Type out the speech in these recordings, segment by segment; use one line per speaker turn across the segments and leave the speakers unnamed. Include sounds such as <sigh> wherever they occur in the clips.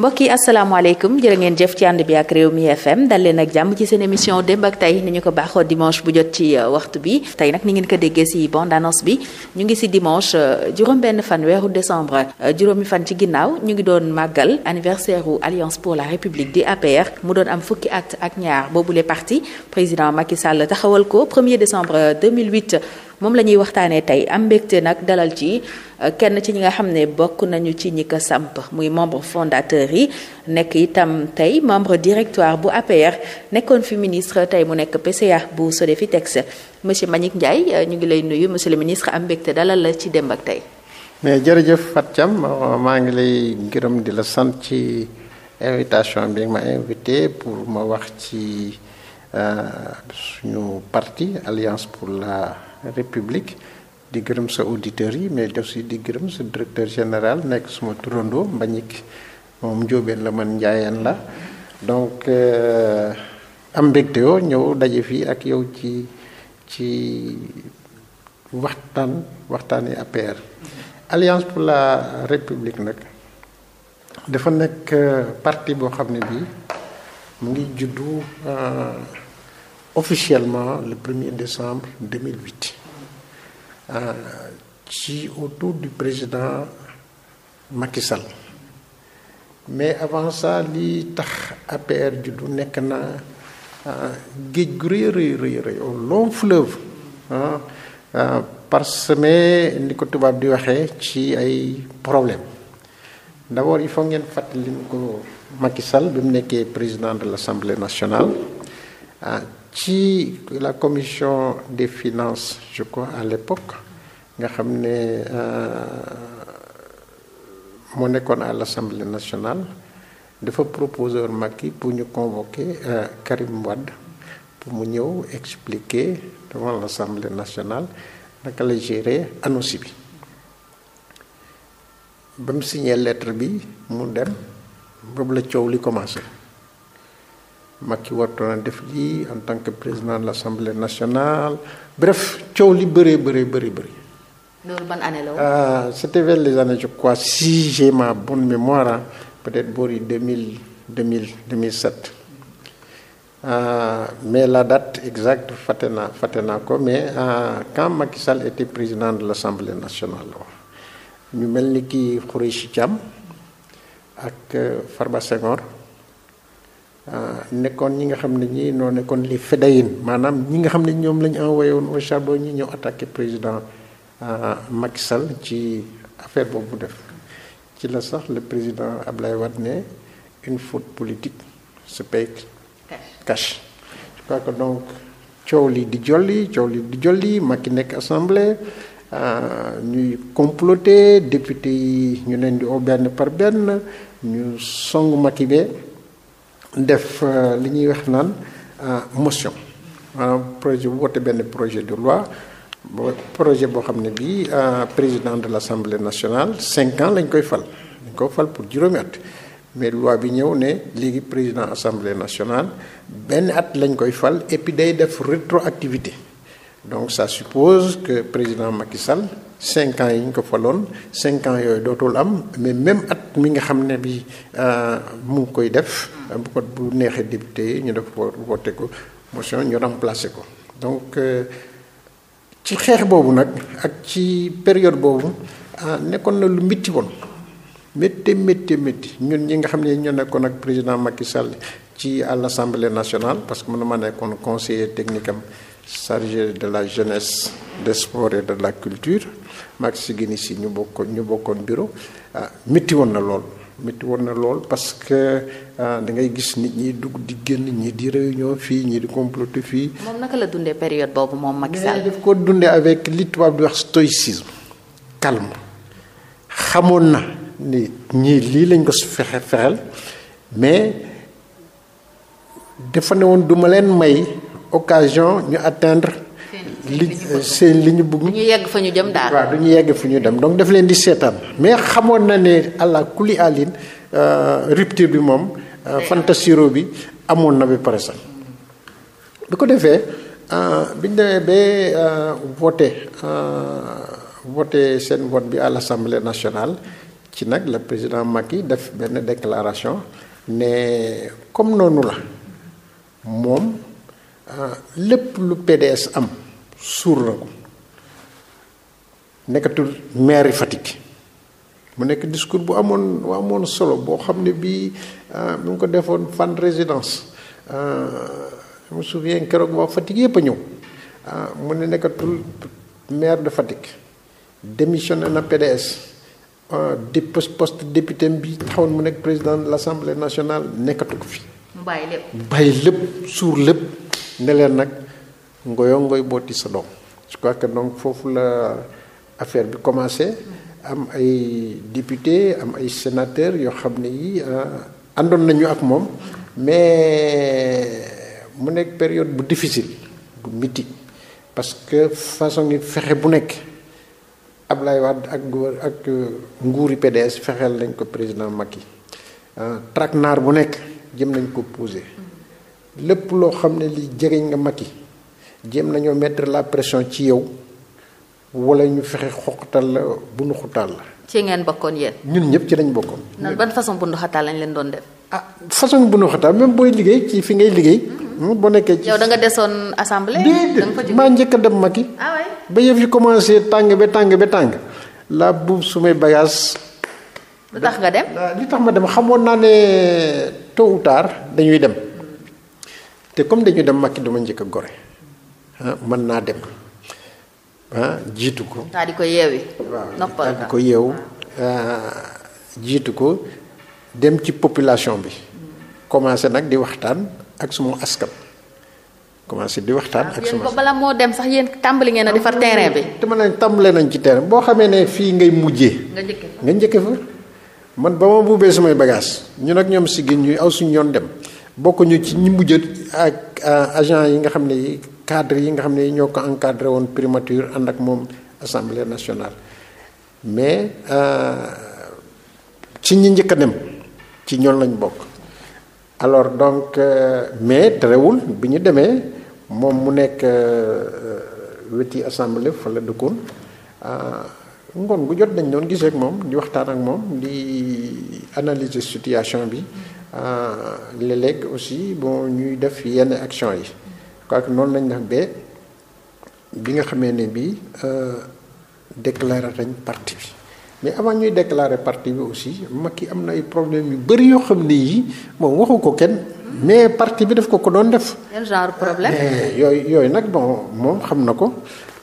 mbokk yi asalaamaaleykum jërë ngeen jëf ci ànd bi ak réew mi FM dal leen ak jàmm ci seen émission démb ak tey ni ñu ko baaxoo dimanche bu jot ci euh, waxtu bi tey nag ni ngeen ko déggee si bande annonce bi ñu ngi si dimanche euh, juróom benn fan weeru décembre euh, juróomi fan ci ginnaaw ñu ngi doon màggal anniversaire u alliance pour la république di APR mu doon am fukki at ak ñaar boobule parti président Macky Sall taxawal ko 1er décembre 2008 moom la ñuy waxtaanee tey am mbégte nag dalal ci euh, kenn ci ñi nga xam ne bokk nañu ci ñi ko samp muy membre fondateur yi nekk itam tey membre directoire bu APR nekkoon fi ministre tey mu nekk PCA bu Sodefitex monsieur Mbagnick Ndiaye euh, ñu ngi lay nuyu monsieur le ministre am mbégte dalal la ci démb ak tey.
mais jërëjëf Fatou Thiam euh, maa ngi lay gërëm di la sant ci invitation bi ma invité pour ma wax ci suñu parti alliance pour la. république di gërëm sa auditeurs yi mais si di gërëm sa directeur général nekk suma turandoo Mbagnick moom njóobeen la man njaayeen la donc euh, am mbégte ñëw daje fii ak yow ci ci waxtaan waxtaani APR alliance pour la république nag dafa nekk euh, parti boo xam ne bii mu ngi juddu euh, officiellement le 1er décembre 2008 euh, ci autour du président Macky Sall mais avant ça li tax APR juddu nekk na euh, géej gu rëy rëy rëy rëy au long fleuve ah ni ko tubaab di waxee ci ay problèmes d'abord il faut ngeen fàttali ko Macky bi mu nekkee président de l'Assemblée nationale ci la commission des finances je crois à l'époque nga xam ne euh, moo nekkoon à l'Assemblée nationale dafa proposer Macky pour ñu convoquer euh, Karim Wade pour mu ñëw expliquer devant l'Assemblée nationale naka la gérer ANOCI bi ba mu signé lettre bi mu dem boobu la coow li commencé Macky wartoon a def lii en tant que président de l'Assemblée nationale bref coow li bëree bëree bëri bëri.
loolu ban année la woon. ah
c'était vers années je crois si j'ai ma bonne mémoire peut-être boori deux mille deux mille deux mille sept ah, mais la date exacte fàtte naa fàtte naa ko mais ah quand Macky Sall était président de l'Assemblée nationale ñu mel ni kii Khoureyssi Thiam ak euh, Farba Euh, nekkoon ñi nga xam ne ñi noo nekkoon li fedayin maanaam ñi nga xam ne ñoom lañu ñu envoyé woon au charbon ñi ñëw attaqué président euh, Macky ci affaire boobu def ci la sax le président Ablaye Wade ne une faute politique se paye cash que donc coow li di jolli coow li di jolli Macky nekk assemblée euh, ñuy comploter député yi ñu leen di oo benn par benn ñu song Macky bee def euh, li ñuy wax naan euh, motion maanaam projet bu wote benn projet de loi bo projet boo xam ne bii euh, président de l'Assemblée nationale cinq ans lañ koy fal dañ ko fal pour juróomi at mais loi bi ñëw ne léegi président assemblée nationale benn at lañ koy fal et puis day def rétroactivité donc ça suppose que président Macky Sall cinq ans yi ñu ko faloon cinq ans yooyu dootul am mais même at mi nga xam ne bi euh, mu ngi koy def bu bu neexee député yi ñu def ko wote ko motion ñu remplacé ko donc euh, ci xeex boobu nag ak ci période boobu euh, nekkoon na lu métti woon métti métti métti ñun ñi nga xam ne ñu nekkoon ak président Macky Sall ci àll l'Assemblée nationale parce que man ma nekkoon conseiller technique am chargé de la jeunesse des sports de la culture maag si gini si ñu bokkoon ñu bokkoon bureau ah woon na lool métti woon na lool parce que ah, dangay gis nit ñi dugg di génn ñi di réunion fii ñi di comploter fii. moom
naka la dundee période boobu moom Macky Sall.
ko dundee avec li tubaab di wax stoïcisme calme xamoon na ni ñi lii lañ ko fexe fexel mais dafa ne woon duma leen may. occasion ñu attendre li seen li ñu bëgg. du
ñu yàgg fa ñu jëm daal. waaw
du ñu yegg fu ñu dem donc def leen di seetaan mais xamoon na ne allah kulli alin euh, rupture bi moom. Euh, fantasiro bi amoon na bi pare sax. bi ko defee euh, bi ñu demee ba voté voté seen vote bi à l' assemblée nationale ci nag le président Macky def benn déclaration ne comme noonu la moom. lépp lu PDS am suur la ko nekkatul maire Fatick mu nekk discours bu amoon bu amoon solo boo xam ne bii ah, mu ngi ko defoon fan résidence ah, je me keroog waa Fatick yëpp a ñëw ah, mu ne nekkatul maire de Fatick démissionné na PDS di poste député bi taxawoon mu nekk président de l'Assemblée nationale nekkatu ko fi.
mu
lépp suur lépp. ne leen nag ngoyoo ngoy booti sa doom je crois que donc foofu la affaire bi commencé am ay député am ay sénateur yoo xam ne yi euh, àndoon nañu ak moom mais mu nekk période bu difficile bu metti parce que façon ni fexe bu nekk Ablaye Wade ak nguur euh, nguuri PDS fexeel nañ ko président Macky euh, traquenard bu nekk jëm nañ ko posé lépp loo xam ne li jëriñ nga yi jéem nañoo mettre la pression ci yow wala ñu fexe xoqatal la bu nu xutaal la.
ci ngeen bokkoon yéen.
ñun ñëpp ci lañ bokkoon.
nan ban façon bu nu lañ leen doon def. ah
façon bu nu xataal même booy liggéey ci fi ngay liggéey. Mm-hmm. boo nekkee ci yow da nga
desoon assemblée. da nga
maa njëkk a dem Macky. yi ah waay ba yëf yi commencé tàng ba tàng ba tàng la buub sumay bagage lu tax nga dem li tax ma dem xamoon naa ne tôt ou tard dañuy dem. te comme dañu dem Macky dama njëkk a gore ah, mën naa dem ah, jiitu ko. daal
di ko yeewi. noppal daal ko yeew
ah, jiitu ko dem ci population bi. commencé nag di waxtaan ak suma askan. commencé di waxtaan ak suma.
bala moo dem sax yéen tàmbali ngeen a defar terrain bi.
man leen tàmbale nañ ci teere boo xamee ne fii ngay mujjee. nga njëkk fa nga man ba ma buubee samay bagage ñu nag ñoom si gi ñuy aw suñ yoon dem. bokkuñu ci ñi mujj ak euh, agent yi nga xam ne yi cadre yi nga xam ne ñoo ko encadré woon primature ànd ak moom assemblée nationale mais euh, ci ñi njëkk a dem ci ñoom lañ bokk alors donc euh, mais terewul bi ñu demee moom mu nekk weti assemblée fa la dëkkoon ngoon gu jot dañ doon gisee moom di waxtaan ak moom di analyse situation bi Euh, léeg-léeg aussi bon ñuy def yenn action yi quoi que noonu lañ def ba bi nga xamee ne bii euh, déclaré nañ parti bi mais avant ñuy déclarer parti bi aussi Macky am na ay problème yu bëri yoo xam ne yii moom waxu ko kenn mais parti bi def ko ko doon def.
quel genre problème. Eh,
yooyu yooyu nag bon moom xam na ko.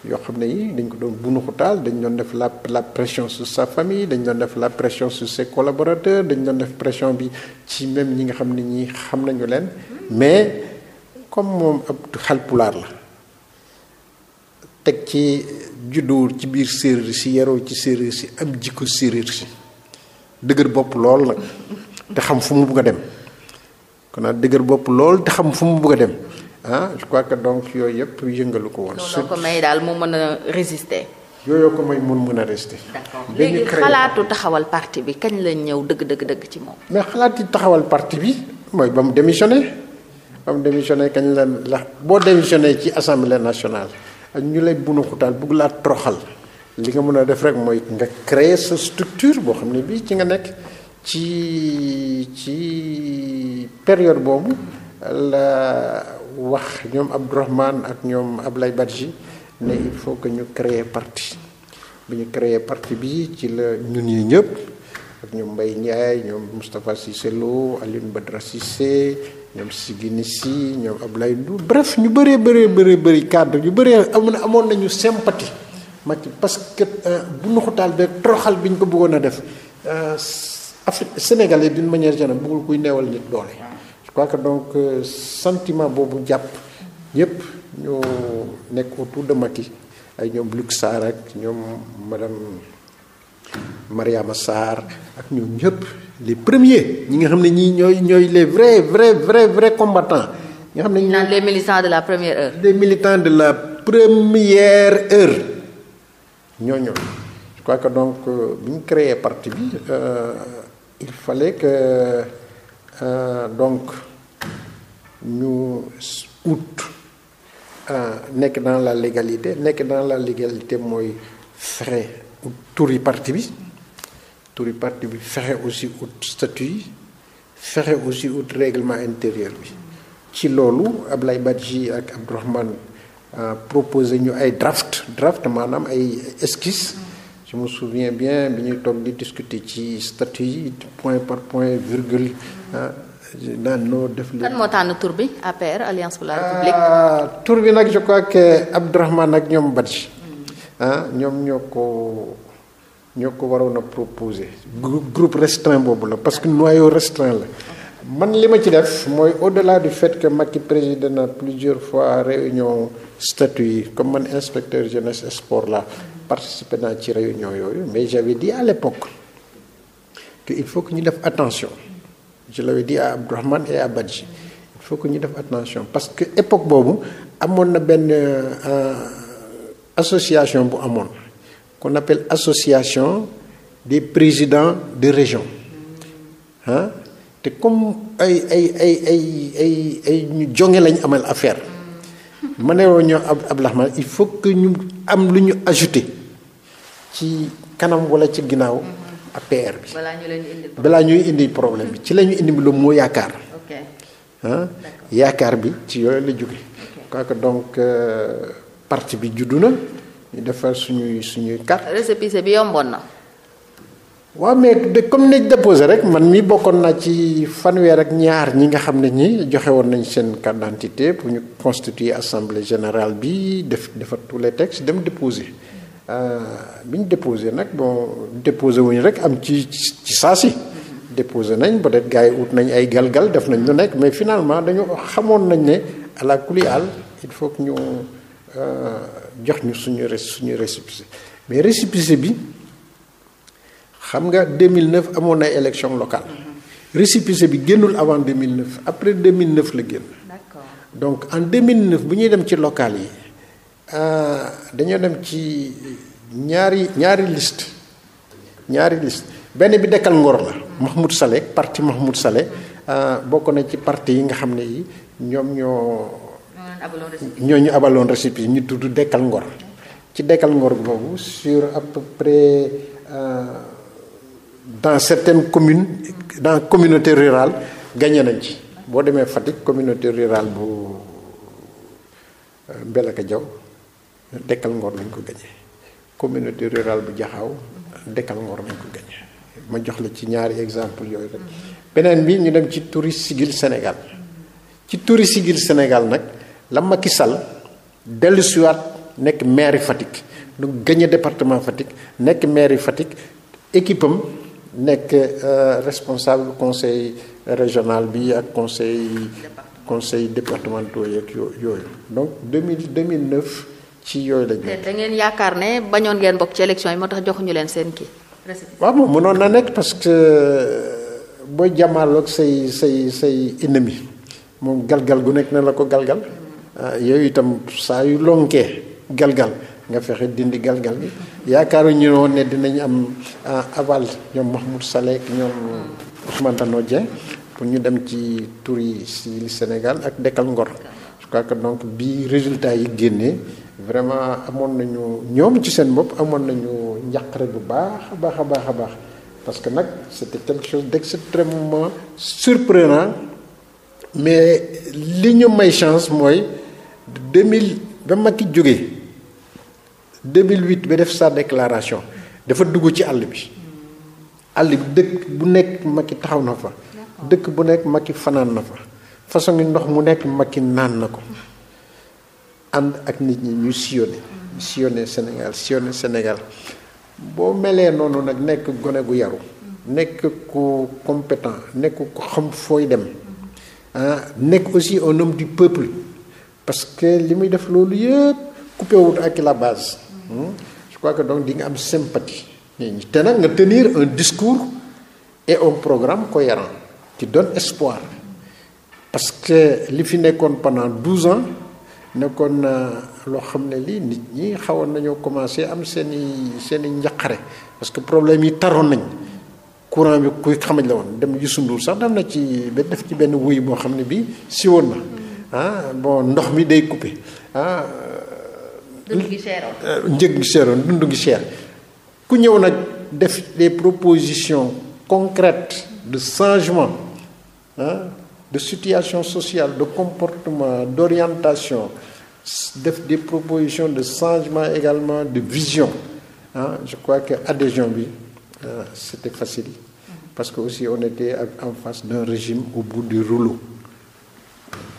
yoo xam ne yi dañ ko doon bunu xutaal dañ doon def la la pression sur sa famille dañ doon def la pression sur ses collaborateurs dañ doon def pression bi ci même ñi nga xam ne ñi xam nañu leen mais comme moom ab xalpulaar la teg ci juddoo ci biir séeréer si yaroo ci séeréer si am jikko séeréer si dëgër bopp lool nag te xam fu mu bëgg a dem kon dëgër bopp lool te xam fu mu bëgg a dem ah je crois que donc yooyu yëpp yëngalu ko woon. surtout ko may daal
mu mën a résister.
yooyoo ko may mun mën a résister.
d'accord léegi xalaatu taxawal parti bi kañ la ñëw dëgg dëgg dëgg ci moom. mais yi
taxawal parti bi mooy ba mu démissionné ba kañ la la boo démissionné ci assemblée nationale ak ñu lay bunu xutaal bugg laa troxal li nga mën a def rek mooy nga créer sa structure boo xam ne bii ci nga nekk ci ci période boobu la. wax ñoom Abdourahmane ak ñoom Ablaye Badji ne il faut que ñu créer parti bu ñu créer parti bi ci la ñun ñi ñëpp ak ñoom mbay Ndiaye ñoom Moustapha Cissé Lo Alioune Badara Cissé ñoom Siguini Sy ñoom Ablaye lay bref ñu bëree bëree bëree bëri cadre ñu bëree na amoon nañu sympathie Macky parce que euh, bu nuxutaal beeg toroxal bi ñu ko bëggoon a def euh, Afrique Sénégalais d'une manière générale bëggul kuy newal nit doole. crois que donc euh, sentiment boobu jàpp ñëpp ñu nekk autour de Macky ay ñoom Luc Sarr ak ñoom madame Mariama Sarr ak ñoom ñëpp les premiers ñi nga xam ne ñii ñooy ñooy les vrais vrais vrais vrais combattants.
nga xam ne ñu naan les militants de la première heure.
les de la première heure ñooñu je crois que donc euh, bu ñu créé parti bi euh, il fallait que. Euh, donc ñu ut euh, nekk dans la légalité nekk dans la légalité mooy fexe ut turi parti bi turi parti bi fexe aussi ut statut fexe aussi ut réglement intérieur bi ci loolu Ablaye Badji ak Abdourahmane euh, proposé ñu ay draft draft maanaam ay esquisse je me souviens bien bi ñuy toog di discuter ci statut yi point par point virgule ah daan noo def. kan moo
tànn tur bi APR alliance pour la
ah, tour bi nag je crois que Abdourahmane ak ñoom Badji. ah ñoom ñoo ko ñoo ko waroon a proposer. groupe restreint boobu la parce que noyau restreint la. man li ma ci def mooy au-delà du fait que Macky président na plusieurs fois réunion statut yi comme man inspecteur jeunesse sport la participé naa ci réunion yooyu mais j'avais dit à l'époque il faut que ñu def attention je l'avais di à Abdourahmane et à Badji il faut que ñu def attention parce que époque boobu amoon na benn euh, association bu amoon qu'on appelle association des présidents de région ah te comme ay ay ay ay ay ay ñu jonge lañ amal affaire mëneeroo ñoo ab ablaxman il faut que ñu am lu ñu ajouté ci kanam wala ci ginnaaw mhm. APR bi balaa ñuy indi problème bi ci la ñu indi lu moo yaakaar ah, yaakaar bi ci yooyu la jóge quoique donc euh, parti bi juddu na ñu defar suñuy suñuy carte
récépissé bi yomboon na
waaw mais de comme nañ déposé rek man mi bokkoon naa ci fanweer ak ñaar ñi nga xam ne ñi joxe woon nañ seen carte pour ñu constituer assemblée générale bi def defar tous les textes dem déposé euh, bi ñu déposé nag bon déposé wuñu rek am ci ci saa si déposé nañ peut-être gars yi wut nañ ay galgal def nañ lu nekk mais finalement dañu xamoon nañ ne à la kuli àll il faut que ñu euh, jox ñu suñu suñu récépissé mais récépissé bi xam nga 2009 amoon na élection locale. Mhm. récépissé bi génnul avant 2009 après 2009 la génn. d'accord donc en 2009 bu ñuy dem ci locale yi euh, dañoo dem ci ñaari ñaari liste ñaari liste benn bi dekkal ngor la. Mahmoud Saleh parti Mahmoud Saleh euh, bokk na ci parti yi nga xam ne yi ñoom ñoo.
ñoo ñu abaloon
récépissé ñu tudd dekkal ngor. ci dekkal ngor boobu sur à dans certaines commune dans communauté rural gagné nañ ci boo demee Fatick communauté rural bu euh, Mbelaka Jaw Dekkal Ngor lañ ko gagné communauté rural bu jaxaw Dekkal Ngor lañ ko gagné ma jox la ci ñaari exemple yooyu rek beneen bi ñu dem ci Touris Sigil Sénégal ci Touris Sigil Sénégal nag la Macky Sall dellu siwaat nekk mairi Fatick donc gagné département Fatick nekk mairi Fatick équipe nekk euh, responsable conseil régional bi ak conseil conseil départementaux yeeg yooyu donc 2000 2009 ci yooyu la ñu. da
ngeen yaakaar ne bañoon ngeen bokk ci élection yi moo tax joxuñu leen seen kii.
waaw moom mënoon na nekk parce que euh, booy jàmmaaloog say say say ennemi moom galgal gu nekk na la ko galgal. Euh, yooyu itam saa yu lonkee galgal. nga fexe dindi galgal gi yaakaaru ñu woon ne dinañu am euh, aval ñoom Mahmoud Saleh ñoom Ousmane Tanor Dieng pour ñu dem ci tur yi si Sénégal ak dekkal ngor je crois que donc bi résultat yi génne vraiment amoon nañu ñoom ci seen bopp amoon nañu njaqare bu baax a baax a baax a baax parce que nag c'était quelque chose d'extrêmement surprenant mais li ñu may chance mooy 2000 ba Macky jóge 2008 ba def sa déclaration dafa dugg ci àll bi àll bi dëkk bu nekk i taxaw na fa dëkk bu nekk i fanaan na fa façon ngi ndox mu nekk Macky naan na ko ànd ak nit ñi ñu sillonné mm. sillonné Sénégal sillonné Sénégal boo melee noonu nag nekk gone gu yaru mm. nekk ku compétent nekk ku xam fooy dem ah nekk aussi un homme du peuple parce que li muy def loolu yëpp coupé wut ak la base Hmm? je crois que donc di nga am sympathie te nag nga tenir un discours et au programme ko yaram qui donne espoir parce que li fi nekkoon pendant douze ans nekkoon na loo xam ne lii nit ñi xawoon nañoo commencé am seen i seen i njaqare parce que problème yi taroon nañ courant bi kuy xamañ la woon dem Youssou Ndour sax def na ci ba def ci benn wuy boo xam ne bii si woon na hmm. ah bon ndox mi day coupé ah, dund gi euh, ku ñëw nag def des propositions concrètes de changement de situation sociale de comportement d'orientation def des propositions de changement également de vision ah je crois que adhésion bi euh, c'était facile parce que aussi on était en face d'un régime au bout du rouleau.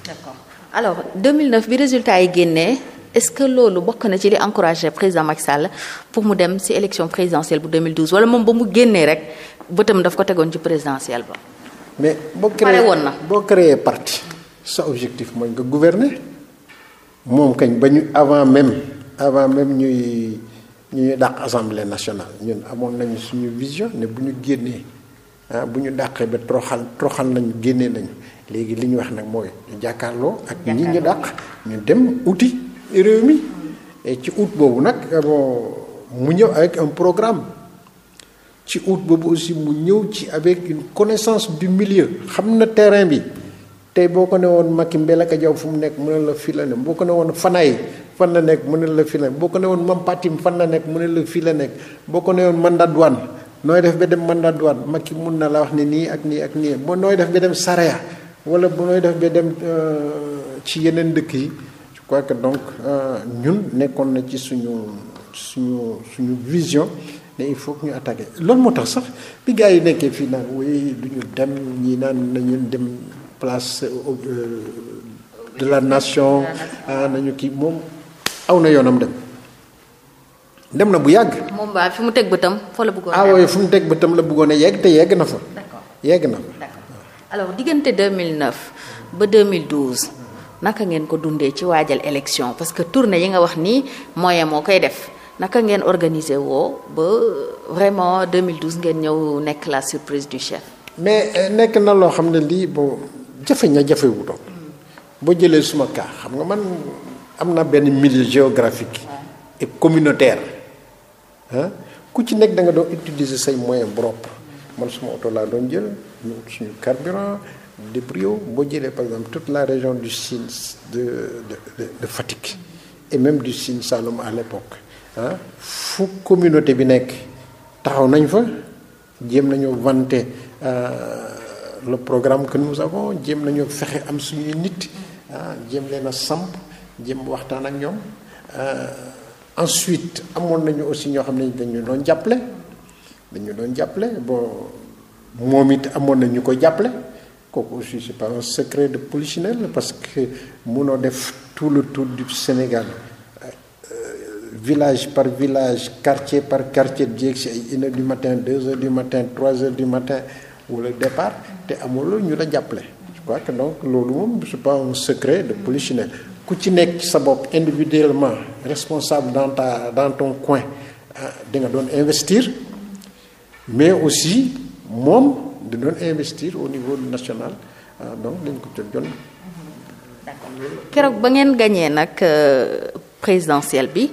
D'accord alors bi résultat yi génnee. est-ce que loolu bokk na ci li encouragé président Macky Sall pour mu dem ci élection présidentielle bu 2012 wala moom ba mu génnee rek bëtam daf ko tegoon ci présidentielle ba.
mais boo créé woon na boo créé partie sa objectif mooy nga gouverner moom kañ ba ñu avant même avant même ñuy ñuy dàq assemblée nationale ñun amoon nañu suñu vision ne bu ñu génnee ah, bu ñu dàqee ba troxal troxal nañu génnee nañu léegi li ñu wax nag mooy jàkkaarloo ak ñi ñu dàq ñu réew mi ci août boobu nag bon mu ñëw avec un programme ci août boobu aussi mu ñëw ci avec une connaissance du milieu xam na terrain bi tey boo ko ne woon Macky Mbélaka Diaw fu mu nekk mu la fii la nekk boo ne woon Fanaye fan la nekk mu ne la fii la nekk boo ne woon Mame Patim fan la nekk mu ne la fii la nekk boo ne woon mandat douane nooy def ba dem mandat douane makki mun na la wax ne nii ak nii ak nii boo nooy def ba dem Saraya wala bu nooy def ba dem euh, ci yeneen dëkk yi crois que donc euh, ñun nekkoon na ci suñu suñu suñu vision ne il faut ñu attaqué loolu moo tax sax bi gars yi nekkee fii naan oui du ñu dem ñi naan nañu dem place euh, de la nation ah nañu kii moom aw na yoonam dem dem na bu yàgg.
moom waa fi mu teg bëtam fa la bëggoon ah
oui fi mu teg bëtam la bëggoon a yegg te yegg na fa. d'accord yegg na
fa. alors diggante 2009 ba 2012. naka ngeen ko dundee ci waajal élection parce que tournée yi nga wax nii moyen moo koy def naka ngeen organiser woo ba vraiment 2012 ngeen ñëw nekk la surprise du chef.
mais euh, nekk na loo xam ne lii boo jafe na jafewutoo doon boo jëlee suma kaa xam nga man am na benn milieu géographique et communautaire ah ku ci nekk da nga doon utiliser say moyens propres man suma oto laa doon jël suñu carburant. Débrio boo jëlee par exemple toute la région du Sine de de de, de Fatick et même du Sine Saloum à l'époque ah fu communauté bi nekk taxaw nañ fa jéem nañoo vanter euh, le programme que nous avons jéem nañoo fexe am suñuy nit ah jéem leen a samp jéem waxtaan ak ñoom euh, ensuite amoon nañu aussi ñoo xam ne dañu doon jàppale dañu doon jàppale bo moom it amoon nañu ko jàppale. kooku aussi c'est pas un secret de polichinelle parce que munoo def tout le tour du Sénégal euh, village par village quartier par quartier jéeg si ay une heure du matin deux heures du matin trois heures du matin wala départ te amuloo ñu la jàppale je crois que donc loolu moom c'est pas un secret de polichinelle ku ci nekk sa bopp individuellement responsable dans ta dans ton coin ah, da doon investir mais aussi moom du doon investir au niveau national
ah, donc dañ ko jot jot keroog ba ngeen gañee nag euh, présidentielle bi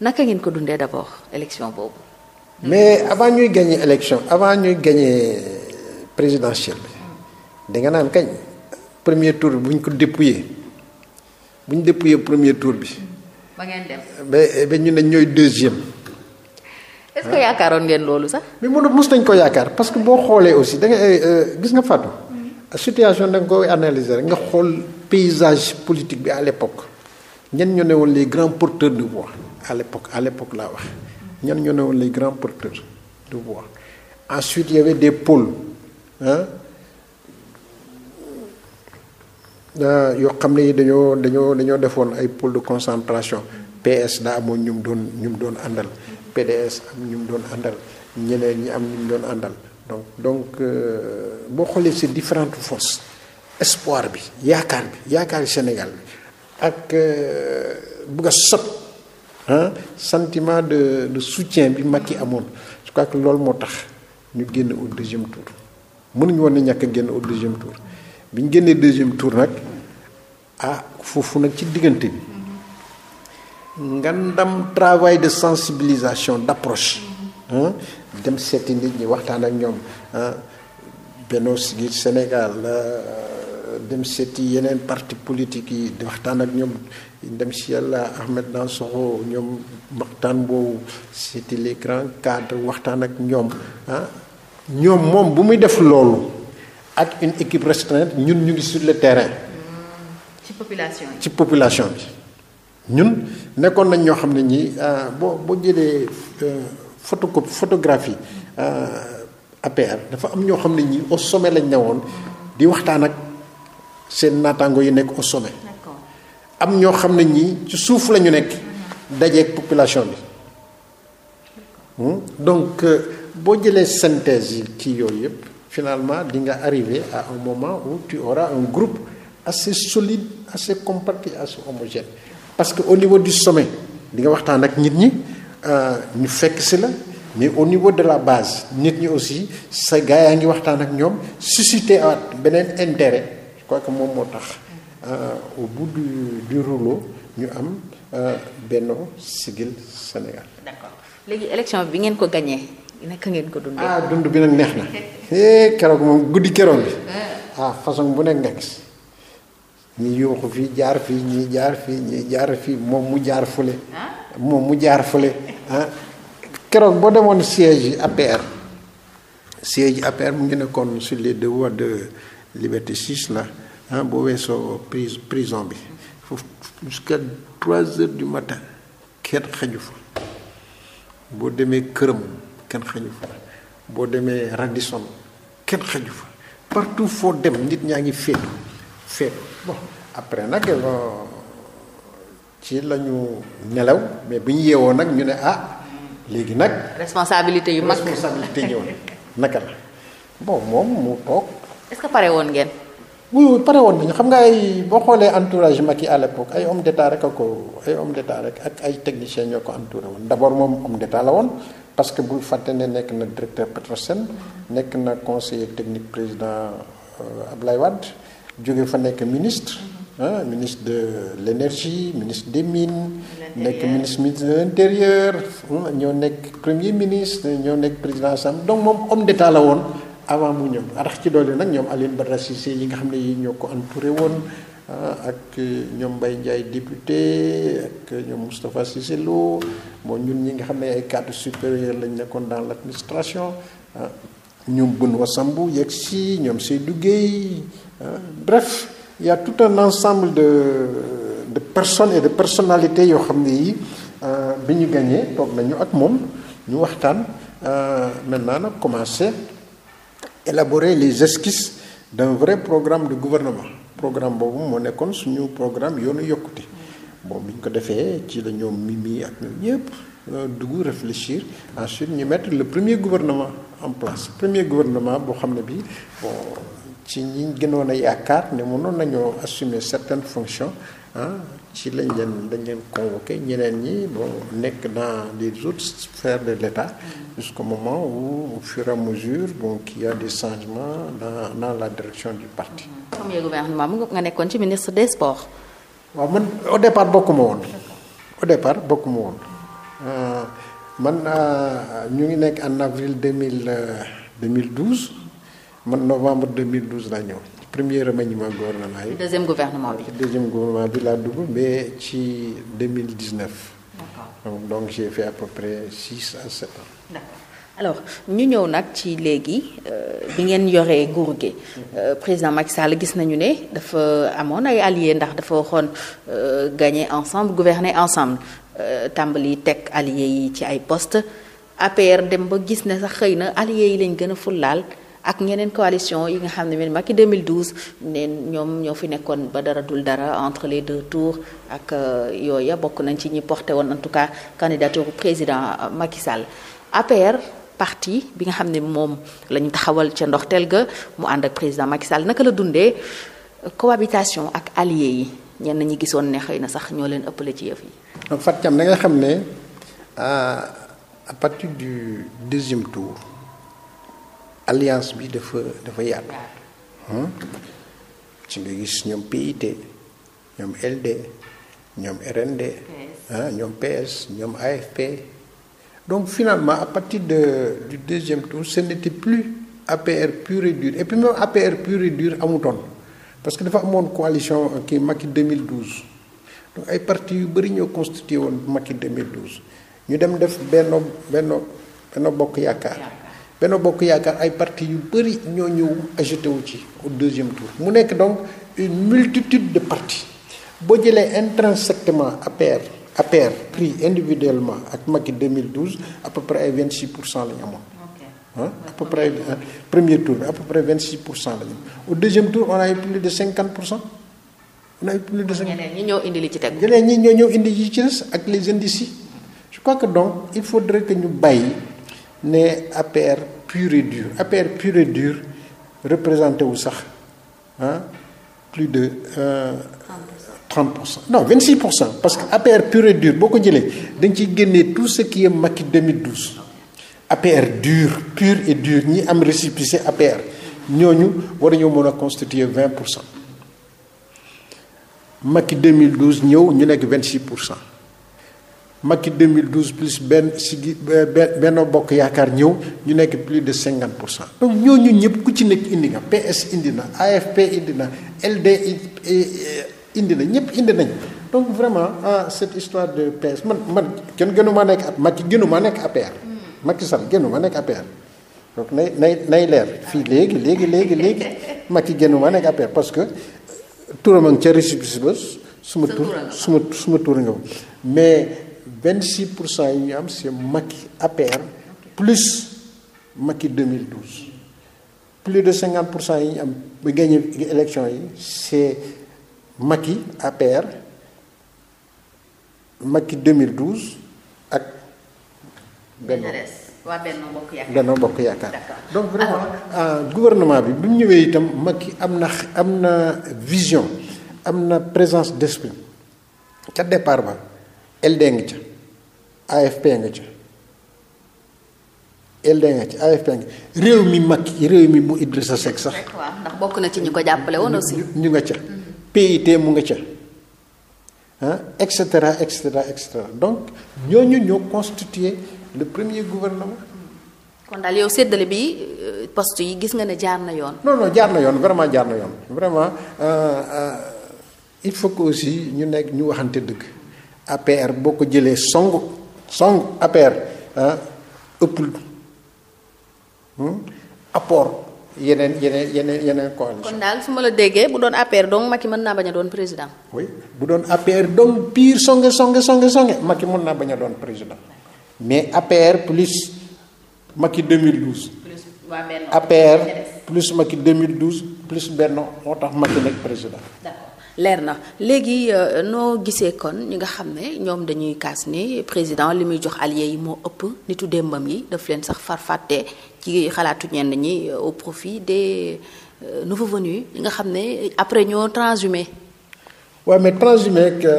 naka ngeen ko dundee d'abord élection boobu.
mais avant ñuy gagner élection avant ñuy gañee présidentielle bi da nga naan kañ premier tour bi bu ko dépouillé buñ ñu dépouillé premier tour bi. ba ngeen dem ba ba ñu ne ñooy deuxième.
est-ce yaakaaroon ngeen loolu sax.
mais mënu mos nañ ko yaakaar parce que boo xoolee aussi da nga eh, eh, gis nga Fatou. situation da nga koy analyser rek nga xool paysage politique bi à l'époque ñen ñoo ne woon les grands porteurs de voix à l'époque à l'époque laa wax ñen ñoo ne woon les grands porteurs de voix ensuite il y avait des pôles ah yoo xam ne dañoo dañoo dañoo defoon ay pole de concentration PS daa amoon ñum doon ñum doon àndal. PDS am ñu mu doon àndal ñeneen ñi am ñu mu doon àndal donc donc euh, boo xoolee ces différentes forces espoir bi yaakaar bi yaakaar Sénégal bi ak euh, bëgg a sot ah sentiment de de soutien bi mag yi amoon je crois que loolu moo tax ñu génn au deuxième tour mënuñu woon ne ñàkk a génn au deuxième tour bi ñu génnee deuxième tour nag ah foofu nag ci diggante bi. ngandam travail de sensibilisation d'approche dem seeti nit ñi waxtaan ak ñoom Benno Siggil Sénégal euh, dem seeti yeneen parti politique yi di waxtaan ak ñoom dem si yàlla Ahmed Dansokho ñoom waxtaan boobu seeti les grands cadres waxtaan ak ñoom ah ñoom moom bu muy def loolu ak une équipe restreinte ñun ñu ngi sur le terrain.
ci population bi
ci population bi. ñun nekkoon nañ ñoo xam ne ñii euh, boo boo jëlee euh, photocopie photographie euh, APR dafa am ñoo xam ne ñii au sommet lañ ne di waxtaan ak seen naataango yi nekk au sommet. am ñoo xam ne ñii ci suuf la ñu nekk dajeeg population bi hmm? donc boo jëlee synthèse yi ci yooyu yëpp finalement di nga arriver à un moment où tu auras un groupe assez solide assez compact assez homogène. parce que au niveau du sommet di nga waxtaan ak nit ñi euh, ñu fekk si la mais au niveau de la base nit ñi aussi sa gars yaa ngi waxtaan ak ñoom susciter at beneen intérêt je moom moo tax euh, au bout du du rouleau ñu am euh, Benno Siggil Sénégal.
d'accord léegi élection bi ngeen ko gagné naka ngeen ko dundee. ah dund bi nag neex na.
Eh, keroog moom guddi keroog bi. ah, ah façon bu nekk nga gis. ñi yuuxu fii jaar fii ñii jaar fii ñii jaar fii moom mu jaar fule moom mu jaar fule ah. keroog boo demoon siège yi APR siège APR mu ngi nekkoon sur les devoirs de liberté 6 la ah boo weesoo prise prison bi foofu jusqu'à trois heures du matin kenn xaju fa boo demee këram kenn xaju fa boo demee Radisson kenn xaju fa partout foo dem nit ñaa ngi féetu fépp bon après nag euh, ci la ñu nelaw mais bi ñu yeewoo nag ñu ne ah léegi nag.
responsabilité yu mag responsabilité ñëw
naka la bon moom mu toog.
est-ce que pare woon ngeen.
oui pare woon nañu xam nga ay boo xoolee entourage Macky à l'époque ay homme d'état rek a ko ay homme d'état rek ak ay techniciens ñoo ko entouré woon d'abord moom homme d'état la woon parce que bul fàtte ne nekk na directeur Petrosen nekk na conseiller technique président euh, Ablaye Wade. jóge fa nekk ministre ah ministre de l'énergie ministre des mines nekk ministre ministre de l'intérieur ñoo nekk premier ministre ñoo nekk président assemblée donc moom homme d'état la woon avant mu ñëw arax ci doole nag ñoom Alioune Badara Cissé yi nga xam ne yi ñoo ko entouré woon ak ñoom Mbaye Ndiaye député ak ñoom Moustapha Lo bon ñun ñi nga xam ne ay cadre supérieur lañ nekkoon dans l'administration ñoom Benoît Sambou yegg si ñoom Seydou Guèye Euh, bref il y a tout un ensemble de de personnes et de personnalités yoo xam ne yi euh, bi ñu gañee toog nañu ak moom ñu waxtaan euh, maintenant nag commencer élaborer les esquisses d'un vrai programme de gouvernement programme boobu moo nekkoon suñu programme yoonu yokkute bon bi ñu ko defee ci lañoo ñoom Mimi ak ñoom ñëpp dugg réfléchir ensuite ñu mettre le premier gouvernement en place premier gouvernement boo xam ne bi bon ci ñi gënoon a yaakaar ne mënoon nañoo assumer certaines fonctions ah ci lañ leen dañ leen convoqué ñeneen ñi bon nekk dans les autres sphères de l'État jusqu'au moment où au fur et à mesure bon qu'il y a des dans la direction du parti.
premier gouvernement mu nga nekkoon ci ministre des sports.
waaw man au départ bokkuma woon. au départ bokkuma woon
euh, man euh, ñu ngi nekk
en avril deux mille euh, deux mille douze. man novembre 2012 laa ñëw. premier remaniement gouvernement yi. deuxième gouvernement bi. deuxième gouvernement bi laa dugg mais ci 2019. d'accord donc j'ai fait à peu près six à sept ans.
d'accord. alors ñu ñëw nag ci léegi euh, bi ngeen yoree nguur gi mhm. euh, président Macky Sall gis nañu ne dafa amoon ay alliés ndax dafa waxoon euh, gagner ensemble gouverner ensemble tàmbali teg alliés yi ci ay postes APR dem ba gis ne sax xëy na alliés yi lañ gën a fullaal ak ñeneen coalition yi nga xam ne mel Macky 2012 neen ñoom ñoo fi nekkoon ba dara dul dara entre les deux tour ak euh, yooya bokk nañ ci ñi porté woon en tout cas candidature président Macky Sall APR parti bi nga xam ne moom la ñu taxawal ca ndoxteel ga mu ànd ak président Macky Sall naka la dundee cohabitation ak allié yi ñenn nañu gisoon ne xëy na sax ñoo leen ëppale ci yëf yi.
donc Fatou Thiam da xam ne euh, à partir du deuxième tour. alliance bi dafa dafa yaatu hmm? ci nga gis ñoom PIT ñoom LD ñoom RND ah ñoom PS ñoom AFP donc finalement à partir de du deuxième tour ce n'était plus APR pur et dur et puis même APR pur et amutoon parce que dafa amoon coalition euh, kii Macky 2012 donc ay parti yu bëri ñoo constitué woon Macky 2012 ñu dem def benno benno benno bokk yaakaar Benno Bokk Yaakaar ay parti yu bëri ñoo ñëw ajouté wu ci au deuxième tour mu nekk donc une multitude de partis boo jëlee intrinsèquement APR APR pris individuellement ak Macky 2012 à peu près ay 26 pour cent la ñu amoon ah à peu près euh, premier tour bi à peu pour cent la ñu au deuxième tour on a eu plus de 50 pour cent on a plus de 50 ñeneen ñi ñoo indi li ci teg ñeneen ñi ñoo ñëw indi li ci des ak les indices je crois que donc il que ñu bàyyi ne APR pur et dur APR pur et dur représenté wu sax ah plus de. Euh, 30 pour cent non 26 pour cent parce que APR pur et boo ko jëlee dañ ciy génne tout ce qui est Macky 2012 APR dure pur dure ñi am récépissé APR ñooñu war a ñoo mën a constituer 20 pour cent Macky 2012 ñëw ñu nekk vingt 26 pour cent. Macky 2012 plus benn sigi benn Bokk Yaakaar ñëw ñu nekk plus de cinquante pour cent donc ñu ñëpp ku ci nekk indi nga PS indi na AFP indi na LD indi na ñëpp indi nañ donc vraiment en ah, cette histoire de PS man man kenn gënu maa nekk at Macky gënu maa nekk APR. Macky Sall gënu ma nekk APR donc nay nay nay leer fii léegi léegi léegi léegi Macky gënu maa nekk APR parce que turam a ngi ca récipicé ba suma tur suma suma tur nga mais. vingt 26 pour cent yi ñu am c' est Macky APR plus Macky 2012 plus de 50 pour cent yi ñu am ba gagné élection yi c' est Macky APR Macky 2012 ak.
Benno waa Benno Bokk Yaakaar
Bokk Yaakaar donc vraiment euh, gouvernement bi bi ñëwee itam Macky am na am na vision am na présence d' esprit ca départ ba LD ngi ca AFP nga ci LD nga ci AFP nga réew mi mag réew mi mu Idrissa Seck sax. waaw ndax bokk na ci ñu ko jàppale woon aussi. ñu nga ca PIT mu nga ca ah et cetera et cetera donc ñooñu ñoo constitué le premier kon
daal séddale bi euh, poste yi gis nga ne jaar na yoon.
non yoon vraiment jaar yoon vraiment euh, euh, il faut que aussi ñu nekk ñu waxante dëgg APR boo ko jëlee songu. song APR ah ëppul hmm, yeneen yeneen yeneen yeneen coalition kon
daal su ma la déggee bu doon APR dong Macky mën naa bañ a doon président.
oui bu doon APR dong pire songe songe songe songe Macky mën naa bañ a doon président mais APR plus Macky 2012.
plus waa Benno APR
plus Macky 2012 plus Benno moo tax Macky nekk président.
leer na léegi euh, noo gisee kon ñi nga xam ne ñoom dañuy kaas ni président li muy jox allié yi moo ëpp nitu démbam yi def leen sax farfate ci xalaatu ñenn ñi euh, au profit des euh, nouveaux venus yi nga xam ne après ñoo transhumé. waaw mais transhumé que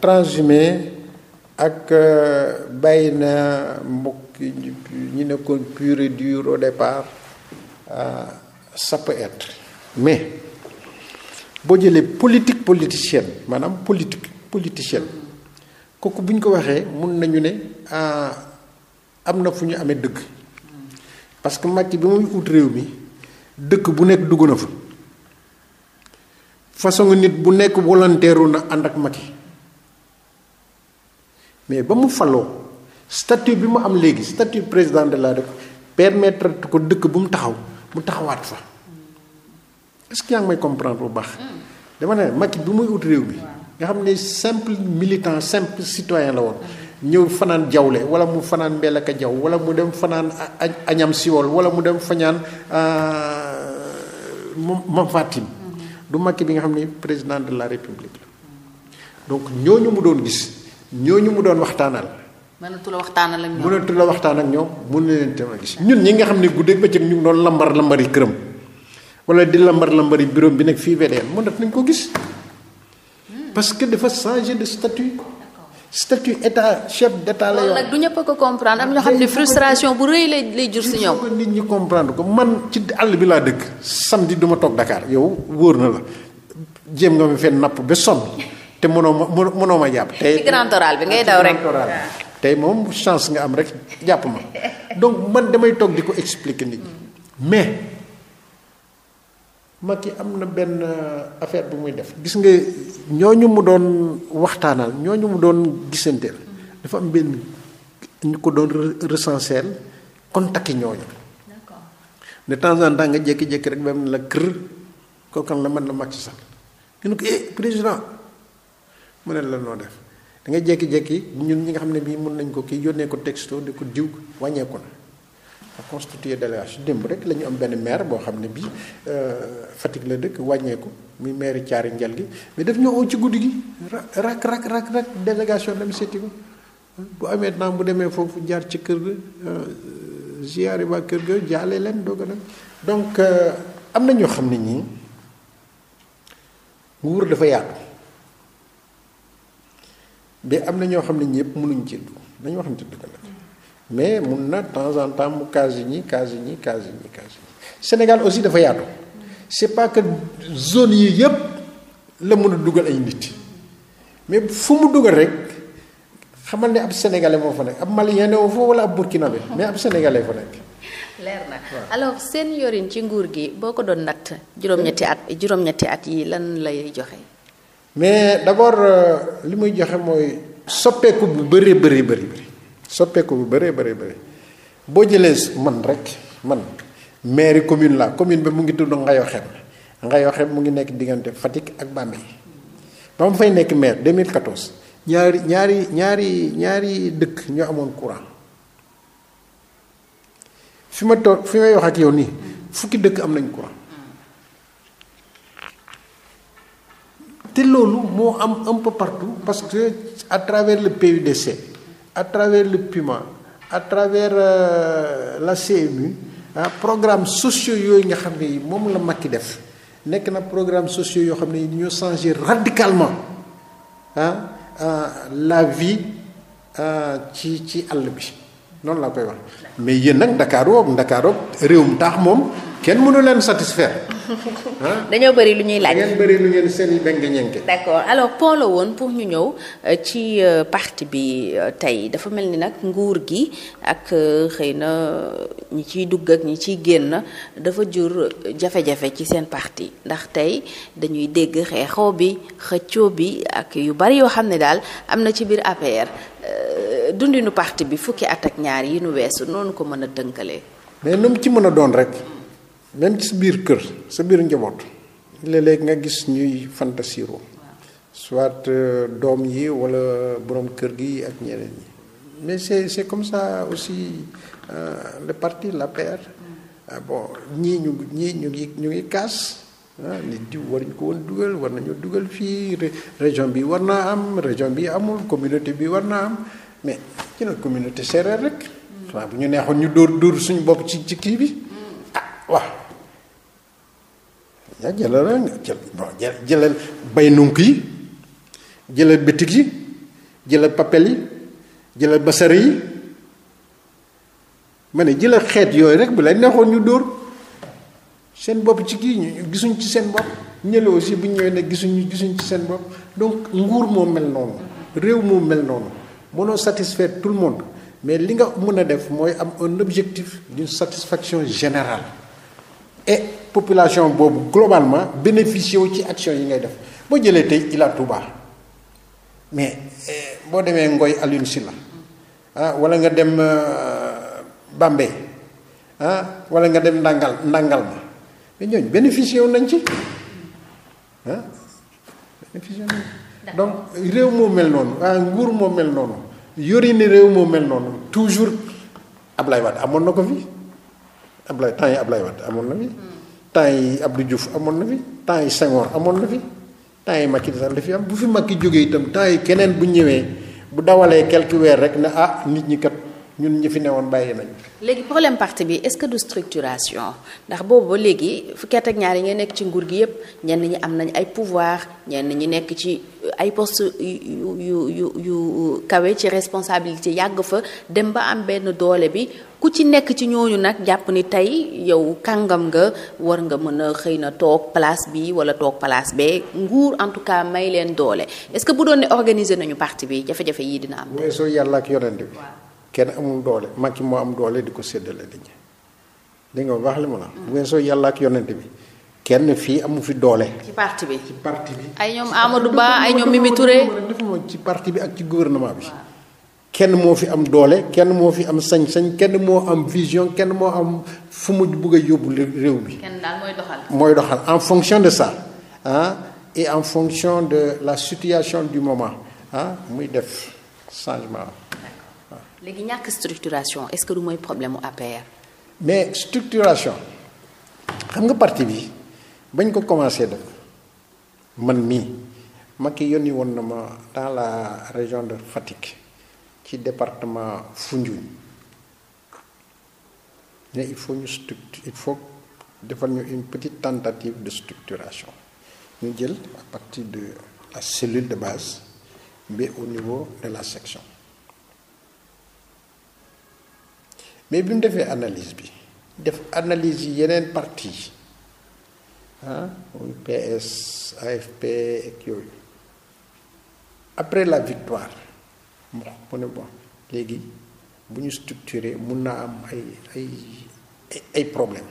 transhumé ak bàyyi na mbokk ñu nekkoon pur et dur ça peut mais boo jëlee politique politicienne maanaam politique politicienne kooku bu ñu ko waxee mun nañu ne ah, am na fu ñu amee dëgg parce que Macky bi muy ut réew mi dëkk bu nekk dugg na fa façon nit bu nekk volontaire na ànd ak Macky mais ba mu faloo stature bi mu am léegi stature président de la République permettre ko dëkk bu mu taxaw. mu taxawaat fa est-ce que yaa ngi may comprendre bu baax. dama ne Macky bi muy ut réew bi nga xam ne simple militant simple citoyen la woon. ñëw fanaan jawle wala mu fanaan mbelaka jaw wala mu dem fanaan añam siwol wala mu dem fañaan euh, mam fatim du Macky bi nga xam ne président de la république donc ñooñu mu doon gis ñooñu mu doon waxtaanal
mënatu la waxtaan ak ñoom mënatu
la waxtaan ak ñoom mënu leen tam gis ñun ñi nga xam ne guddeeg bëccëg ñu ngi doon lambar lambar yi këram wala di lambar lambar yi bureau bi nag fii VDN mën nañ ko gis parce que dafa changer de statut. statut état chef d'état la yoon. nag
du ñëpp ko comprendre am ñoo xam ne frustration bu rëy lay lay jur si ñoom.
nit ñi comprendre ko man ci àll bi laa dëkk samedi du ma toog Dakar yow wóor na la jéem nga ma fee napp ba sonn te mënoo ma mënoo ma jàpp. tey ci
grand oral bi ngay daw rek.
tey moom chance nga am rek jàpp ma donc man damay toog di ko expliquer nit ñi mais yi am na benn euh, affaire bu muy def gis nga ñooñu mu doon waxtaanal ñooñu mu doon gisanteel dafa am benn ñu ko doon recenser kon takki ñooñu ne temps en temps nga jékki-jékki rek ba mu ne la kër kookan la man la Macky sax ñu ne ko eh président mu ne la noo def da ngay jékki ñun ñi nga xam ne bii mun nañ ko kii yónnee ko texto di ko diw wàññeeku na a constitué délégation démb rek la ñu am benn maire boo xam ne bii euh, Fatick la dëkk wàññeeku muy maire caari njal gi mais def ñu oo ci guddi gi rak rak rak rak délégation dem seeti ko bu amee temps bu demee foofu jaar ci kër ga euh, ziyaare ba kër ga jaale leen doog a donc euh, am na ñoo xam ne ñii nguur dafa yaatu mais am na ñoo xam ne ñëpp mënuñ ci dugg nañu wax nit nag mais mun na temps en temps mu case ñi case ñi case ñi Sénégal aussi dafa yaatu c'est pas que zone yi yëpp la mën a dugal ay nit mais fu mu dugal rek xamal ne ab sénégalais moo fa nekk ab malien ne fa wala ab burkinabé mais ab sénégalais fa nekk.
leer na alors seen yorin ci nguur gi boo ko doon natt juróom-ñetti at juróom-ñetti at yi lan lay joxe.
mais d'abord euh, li muy joxe mooy soppeeku bu bëree bëri bëri bu bëree bëri bëri boo jëlee man rek man mairie commune la commune bi mu ngi tudd Ngayoxem Ngayoxem mu ngi nekk diggante Fatick ak Bambey ba mu fay nekk maire 2014 ñaari ñaari ñaari ñaari dëkk ñoo amoon courant fi ma toog fi may wax ak yow nii fukki dëkk am nañ courant. te loolu moo am un peu partout parce que à travers le PUDC à travers le PUMA à travers euh, la CMU ah programme sociaux yooyu nga xam ne yi moom la Macky def nekk na programme sociaux yoo xam ne ñoo changé radicalement ah, ah la vie ah, ci ci àll bi noonu laa koy wax mais yéen nag Ndakaaru ak réew réewum taax moom
kenn mënu leen satisfaire. <laughs> dañoo bari lu ñuy laaj ngeen bëri lu ngeen seen i benn ñenke d' accord la woon pour ñu ñëw euh, ci euh, parti bi euh, tey dafa mel ni nag nguur gi ak xëy na ñi ciy dugg ak ñi ciy génn dafa jur jafe-jafe ci seen parti ndax tey dañuy dégg xeexoo bi xëccoo bi ak yu bari yoo xam ne daal am na ci biir APR dundinu parti bi fukki at ak ñaar yi nu weesu noonu ko mën a tënkalee.
mais nu ci mën a doon rek. même ci biir kër sa biir njaboot léeg nga gis ñuy fantasiro soit euh, doom yi wala borom kër gi ak ñeneen ñi mais c'est c'est comme ça aussi euh, le parti la PR ah bon ñii ñu ñii ñu ngi ñu ngi kaas ah nit war waruñ ko woon dugal war nañu dugal fii région bi war naa am région bi amul communauté bi war naa am mais ci na communauté séeréer rek. waaw bu ñu neexoon ñu dóor dóor suñu bopp ci ci kii bi ah, waa yaa jëlal jël bon jëlal bay nunk yi jëlal bitig yi jëlal papel yi jëlal basare yi ma ne jëlal xeet yooyu rek bu lay neexoon ñu dóor seen bopp ci kii gisuñ ci seen bopp ñële aussi bu ñëwee ne gisuñu gisuñ ci seen bopp donc nguur moo mel noonu réew moo mel noonu mënoo satisfaire tout le monde mais li nga mën a def mooy am un objectif d'une satisfaction générale et population boobu globalement bénéficié wu ci action yi ngay def boo jëlee tey Ila Touba mais eh, boo demee Ngoy Alioune Sylla ah wala nga dem euh, Bambey ah wala nga dem Ndangal Ndangal ma mais ñooñu wu nañ ci ah bénéficié donc réew moo mel noonu ah nguur moo mel noonu yori ni réew moo mel noonu toujours Ablaye Wade amoon na ko fi Ablaye temps yi Ablaye Wade amoon na fi. Hmm. temps yi Abdou Diouf amoon na fi temps yi Senghor amoon na fi temps yi Macky Sall la fi am bu fi Macky jógee itam temps yi keneen bu ñëwee bu dawalee quelques rek ne ah nit ñi kat. ñun ñi fi newoon bàyyi nañ.
léegi problème parti bi est-ce que du structuration ndax boobu ba léegi fukki ak ñaar yi nga nekk ci nguur gi yépp ñenn ñi am nañ ay pouvoir ñenn ñi nekk ci ay post yu yu yu yu kawe ci responsabilité yàgg fa dem ba am benn doole bi ku ci nekk ci ñooñu nag jàpp ni tey yow kàngam nga war nga mën a xëy na toog place bi wala toog place bee nguur en tout cas may leen doole est-ce que bu doon ne organiser nañu parti bi jafe yii dina am.
weesoo yàlla ak yonent bi. kenn amul doole Macky moo am doole di ko séddale nit ñi li wax li mu la bu soo yàlla ak yonent bi kenn fii amu fi doole.
ci parti bi ci parti bi. ay ñoom Amadou
ci parti bi ak ci gouvernement bi. kenn moo fi am doole kenn moo fi am sañ-sañ kenn moo am vision kenn moo am fu mujj bugg a yóbbu réew bi mooy doxal. en fonction de ça ah et en fonction de la situation du moment ah muy def changement.
léegi ñàkk structuration est-ce que du mooy problème mu
mais structuration xam nga parti bi bañ ko commencé def man mii Macky yónni woon na ma dans la région de Fatick ci département Foundiougne mais il faut ñu structure il faut defal ñu une petite tentative de structuration ñu jël à partir de la cellule de base mais au niveau de la section. mais bi mu defee analyse bi def analyse yi yeneen parti ah ak yooyu après la victoire mu mu ne bon léegi bu ñu structuré mun naa am ay ay ay problème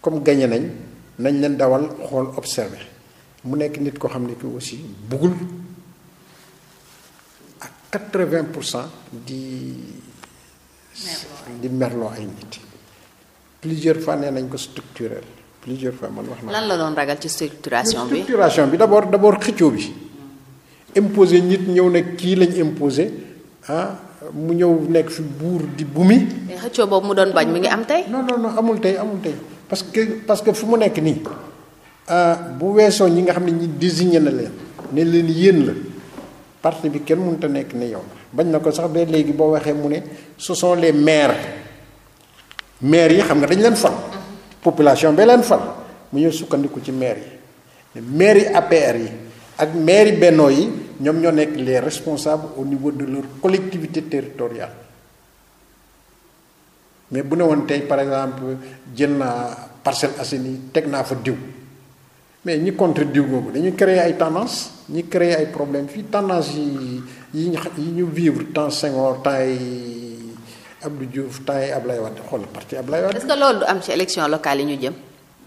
comme gagné nañ nañ leen dawal xool observé mu nekk nit koo xam ne ki aussi buggul ak quatre-vingt pour cent di. di merloo ay nit plusieurs fois nee nañ ko structurel
plusieurs fois man wax naa. lan la doon ragal ci structuration bi structuration bi
d' abord d' abord xëccoo bi. imposé nit ñëw nag kii lañ imposé ah mu ñëw nekk fi buur di bu mi
xëccoo boobu mu doon bañ
mi ngi am tey. non non non amul tey amul tey parce que parce que fu mu nekk nii ah, bu weesoo ñi nga xam ne ñi désigné na leen ne leen yéen la parti bi kenn mënut a nekk ni yow. bañ na ko sax ba léegi boo waxee mu ne ce sont les maires maires yi xam nga dañ leen fal population ba leen fal mu ñëw sukkandiku ci maire yi maires yi APR yi ak maires yi Benno yi ñoom ñoo nekk les responsables au niveau de leur collectivité territoriale mais bu ne woon tey par exemple jël naa parcelle Assainies teg naa fa diw mais ñi contre diw boobu dañuy créer ay tendance ñi créer ay problème fii tendance yi yi ñu yi ñu vivre temps Senghor temps yi
Abdou Diouf temps yi Ablaye Wade xool parti Ablaye Wade. est-ce que loolu du am ci élection locale yi ñu jëm.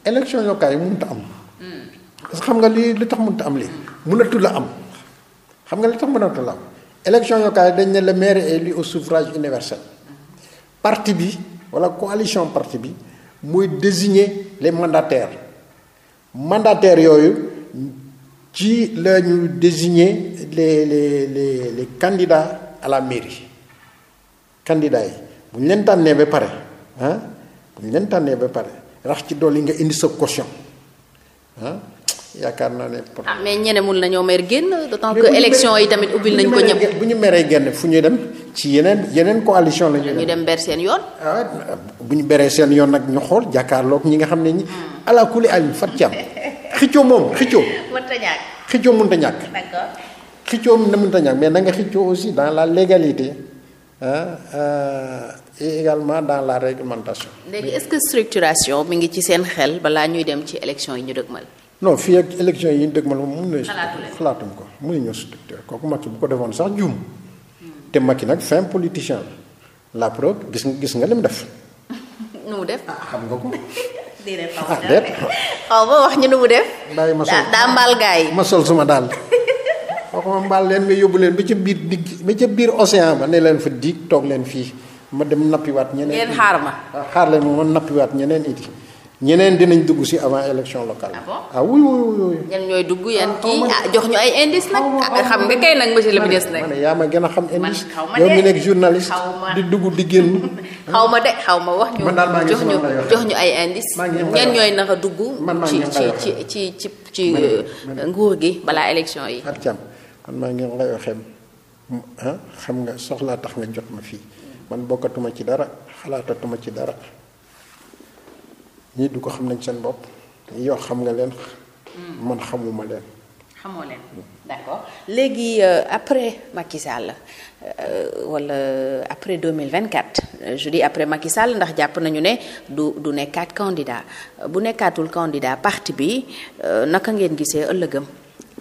élection locale yi mënut a am. Hmm. parce que xam nga li li tax mënut a am lii hmm. mënatul a am xam nga li tax mënatul a am élection locale dañ ne le maire est au suffrage universel hmm. partie bi wala coalition parti bi mooy désigner les mandataires. mandataires yooyu ci la ñu désigner les les les les candidats à la mairie candidats yi bu ñu leen tànnee ba pare ah bu ñu leen ba pare rax ci dolli nga indi sa caution ah yaakaar naa ne.
ah mais ñeneen nañoo mer génn d'autant que élection yi tamit ubbil nañ ko ñëpp.
bu ñu meree génn fu ñuy dem. ci yeneen yeneen coalition la ñu
dem ber seen yoon. Ah,
bu ñu beree seen yoon nag ñu xool jàkkaarloog ñi nga xam ne ñi. Hmm. ala kulli àll fat ci am xëccoo moom xëccoo. mënta ñàkk xëccoo mënta ñàkk.
mun
ta mënta ñàkk mais na nga xëccoo aussi dans la légalité ah, ah et également dans la réglementation.
léegi est-ce que structuration mi ngi ci seen xel balaa ñuy dem ci élection yi ñu dëgmal.
non fii ak élection yi ñu dëgmal moom mun nañu. xalaatu leen ko mu structuré kooku Macky bu ko sax juum. te Macky nag fin politicien la la preuve gis nga gis nga li def.
<laughs> nu mu def ah, xam nga ko. <laughs> déedéet ah, xaw wax ñu nu mu def. daa mbaal gaa yi
ma sol suma daal. <laughs> waxuma mbaal leen nga yóbbu leen ba ca biir digg ba ca biir océan ba ne leen fa dig toog leen fii ma dem nappiwaat ñeneen. ngeen xaar ma ah, xaar leen ma ma nappiwaat ñeneen iti. ñeneen dinañ dugg si avant élection locale. ah, ah oui oui oui.
ñan ñooy dugg yan ah, kii ah jox ñu ay indice nag. Ah, xam nga kay nag ma si ministre nag. ma
ne yaa ma gën a xam indice. yow mi nekk journaliste. di dugg di génn.
<laughs> xaw ma de xaw ma wax ñu. jox ñu jox ñu ay indice. ñan ñooy naka dugg. ci ci ci ci ci nguur gi balaa élection yi. Fatou
man maa ngi lay xam nga soxlaa tax nga jot ma fii man bokkatuma ci dara xalaatatuma ci dara. ñii du ko xam nañ seen bopp yow xam nga leen.
Hmm.
man xamuma leen. xamoo leen hmm.
d'accord léegi euh, après Macky Sall euh, wala après 2024 euh, je dis après Macky Sall ndax jàpp nañu ne du du nekkaat candidat bu nekkaatul candidat parti bi naka ngeen gisee ëllëgam.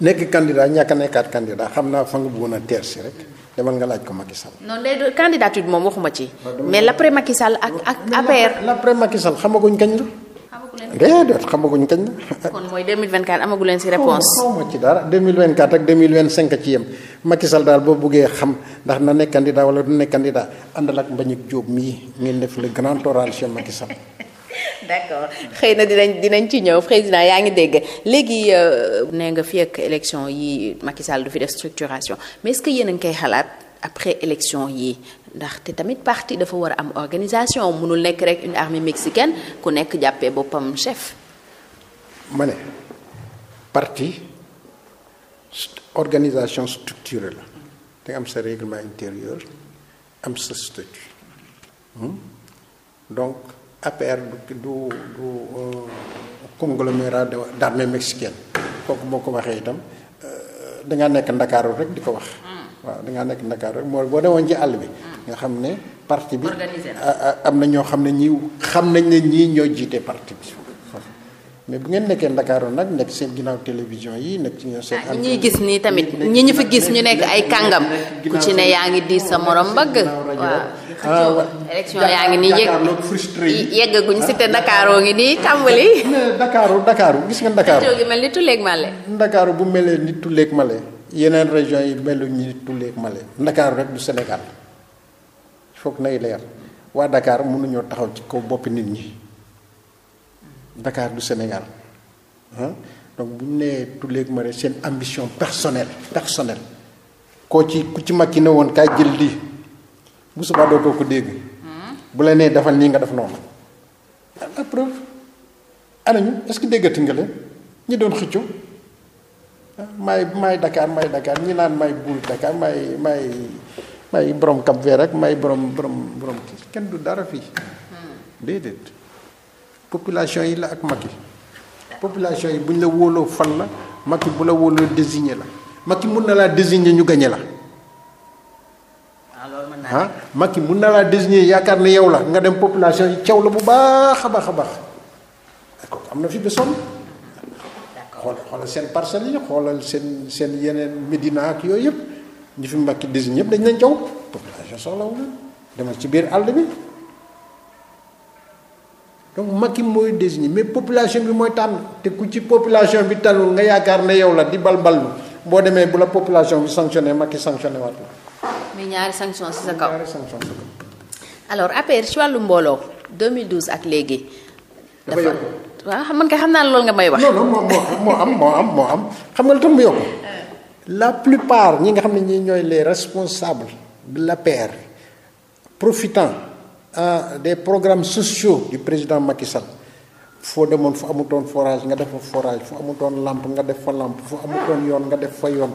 nekk candidat ñàkk a nekkaat candidat xam naa fa nga bëggoon a teer si rek. demal nga laaj ko Macky Sall.
non léegi candidature bi moom waxuma ci. mais l'après Macky Sall ak ak APR.
l'après xamaguñ kañ la. déedéet xamaguñ kañ la.
kon amagu leen si réponse. xaw ma ci
dara 2024 ak cinq ci yem Macky Sall daal boo bëggee xam ndax na nekk candidat wala du nekk candidat àndal ak Mbagnick Diop mii ngeen def le grand oral chez Macky
d'accord xëy na dinañ dinañ ci ñëw président yaa ngi dégg léegi euh, nee nga fi ak élection yi Macky Sall du fi def structuration mais est-ce que yéen a koy xalaat après élection yi ndaxte tamit parti dafa war a am organisation mënul nekk rek une armée mexicaine ku nekk jàppee boppam chef.
ma ne parti organisation structurée la da nga am sa règlement intérieur am sa statut hmm? donc. APR du du du euh, conglomérat d'armée mexicaine kooku boo ko waxee itam euh, dangaa nekk ndakaaru rek di ko wax. Hmm. waaw dangaa nekk ndakaaru rek moo boo woon ci àll bi. Hmm. nga xam ne parti bi am na ñoo xam ne ñii xam nañ ne ñii ñoo jiite parti bi. mais bu ngeen nekkee Ndakaaru nag nekk seen ginnaaw télévision yi nekk ci ñoom seen. Ah, ñi gis
nii tamit ñi ñu fi gis ñu nekk ay kàngam. ku ci ne yaa ngi di sa morom mbagg Euh, élection yaa ngi nii yegg frustré yi yeggaguñ ah. <laughs> gis nga
Dakaru. xëccoo
gi mel ni tulleeg male.
bu melee ni tulleeg male yeneen région yi meluñ ni tulleeg male Dakaru rek du Sénégal foog nay leer waa Dakar mënuñoo taxaw ci kaw boppi nit ñi Dakar du Sénégal ah donc bu ñu nee tulleeg male seen ambition personnelle personnelle koo ci ku ci mag ki ne woon kaay jël lii. bu subaa dootoo ko dégg bu la nee defal nii nga def noonu la anañu est-ce que déggati nga leen ñi doon xëccoo may maay Dakar maay Dakar ñi naan maay buur Dakar maay maay maay borom Cap Vert rek may borom borom borom kii kenn du dara fii déedéet population yi la ak Macky population yi bu ñu la wóoloo fan la Macky bu la wóoloo désigné la Macky mun na laa désigné ñu gañe la ah Macky mun na laa désigner yaakaar ne yow la nga dem population yi caw la bu baax a baax a baax kooku am na fi ba sonn. xool xoolal seen parcelles yi xoolal seen seen yeneen Médina ak yooyu yëpp ñu fi Macky désigner ñëpp dañ leen caw population soxlawu na demal ci biir àll bi donc Macky mooy désigner mais population bi mooy tànn te ku ci population bi tànnul nga yaakaar ne yow la di balballu boo demee bu la population bi sanctionné Macky sanctionné waat
muy ñaari sanction si sa kaw ñaari sanction si sa kaw. alors APR ci mbooloo ak léegi. dafa yokk waaw man kay xam naa loolu nga may wax. non moo
am moo am moo am xam nga lu tax mu yokk la plupart ñi nga xam ne ñi ñooy les responsables de l'APR profitant ah des programme sociaux du président Macky Sall foo demoon fu amutoon forage nga def fa forage fu amutoon lampe nga def fa lampe fu amutoon yoon nga def fa yoon.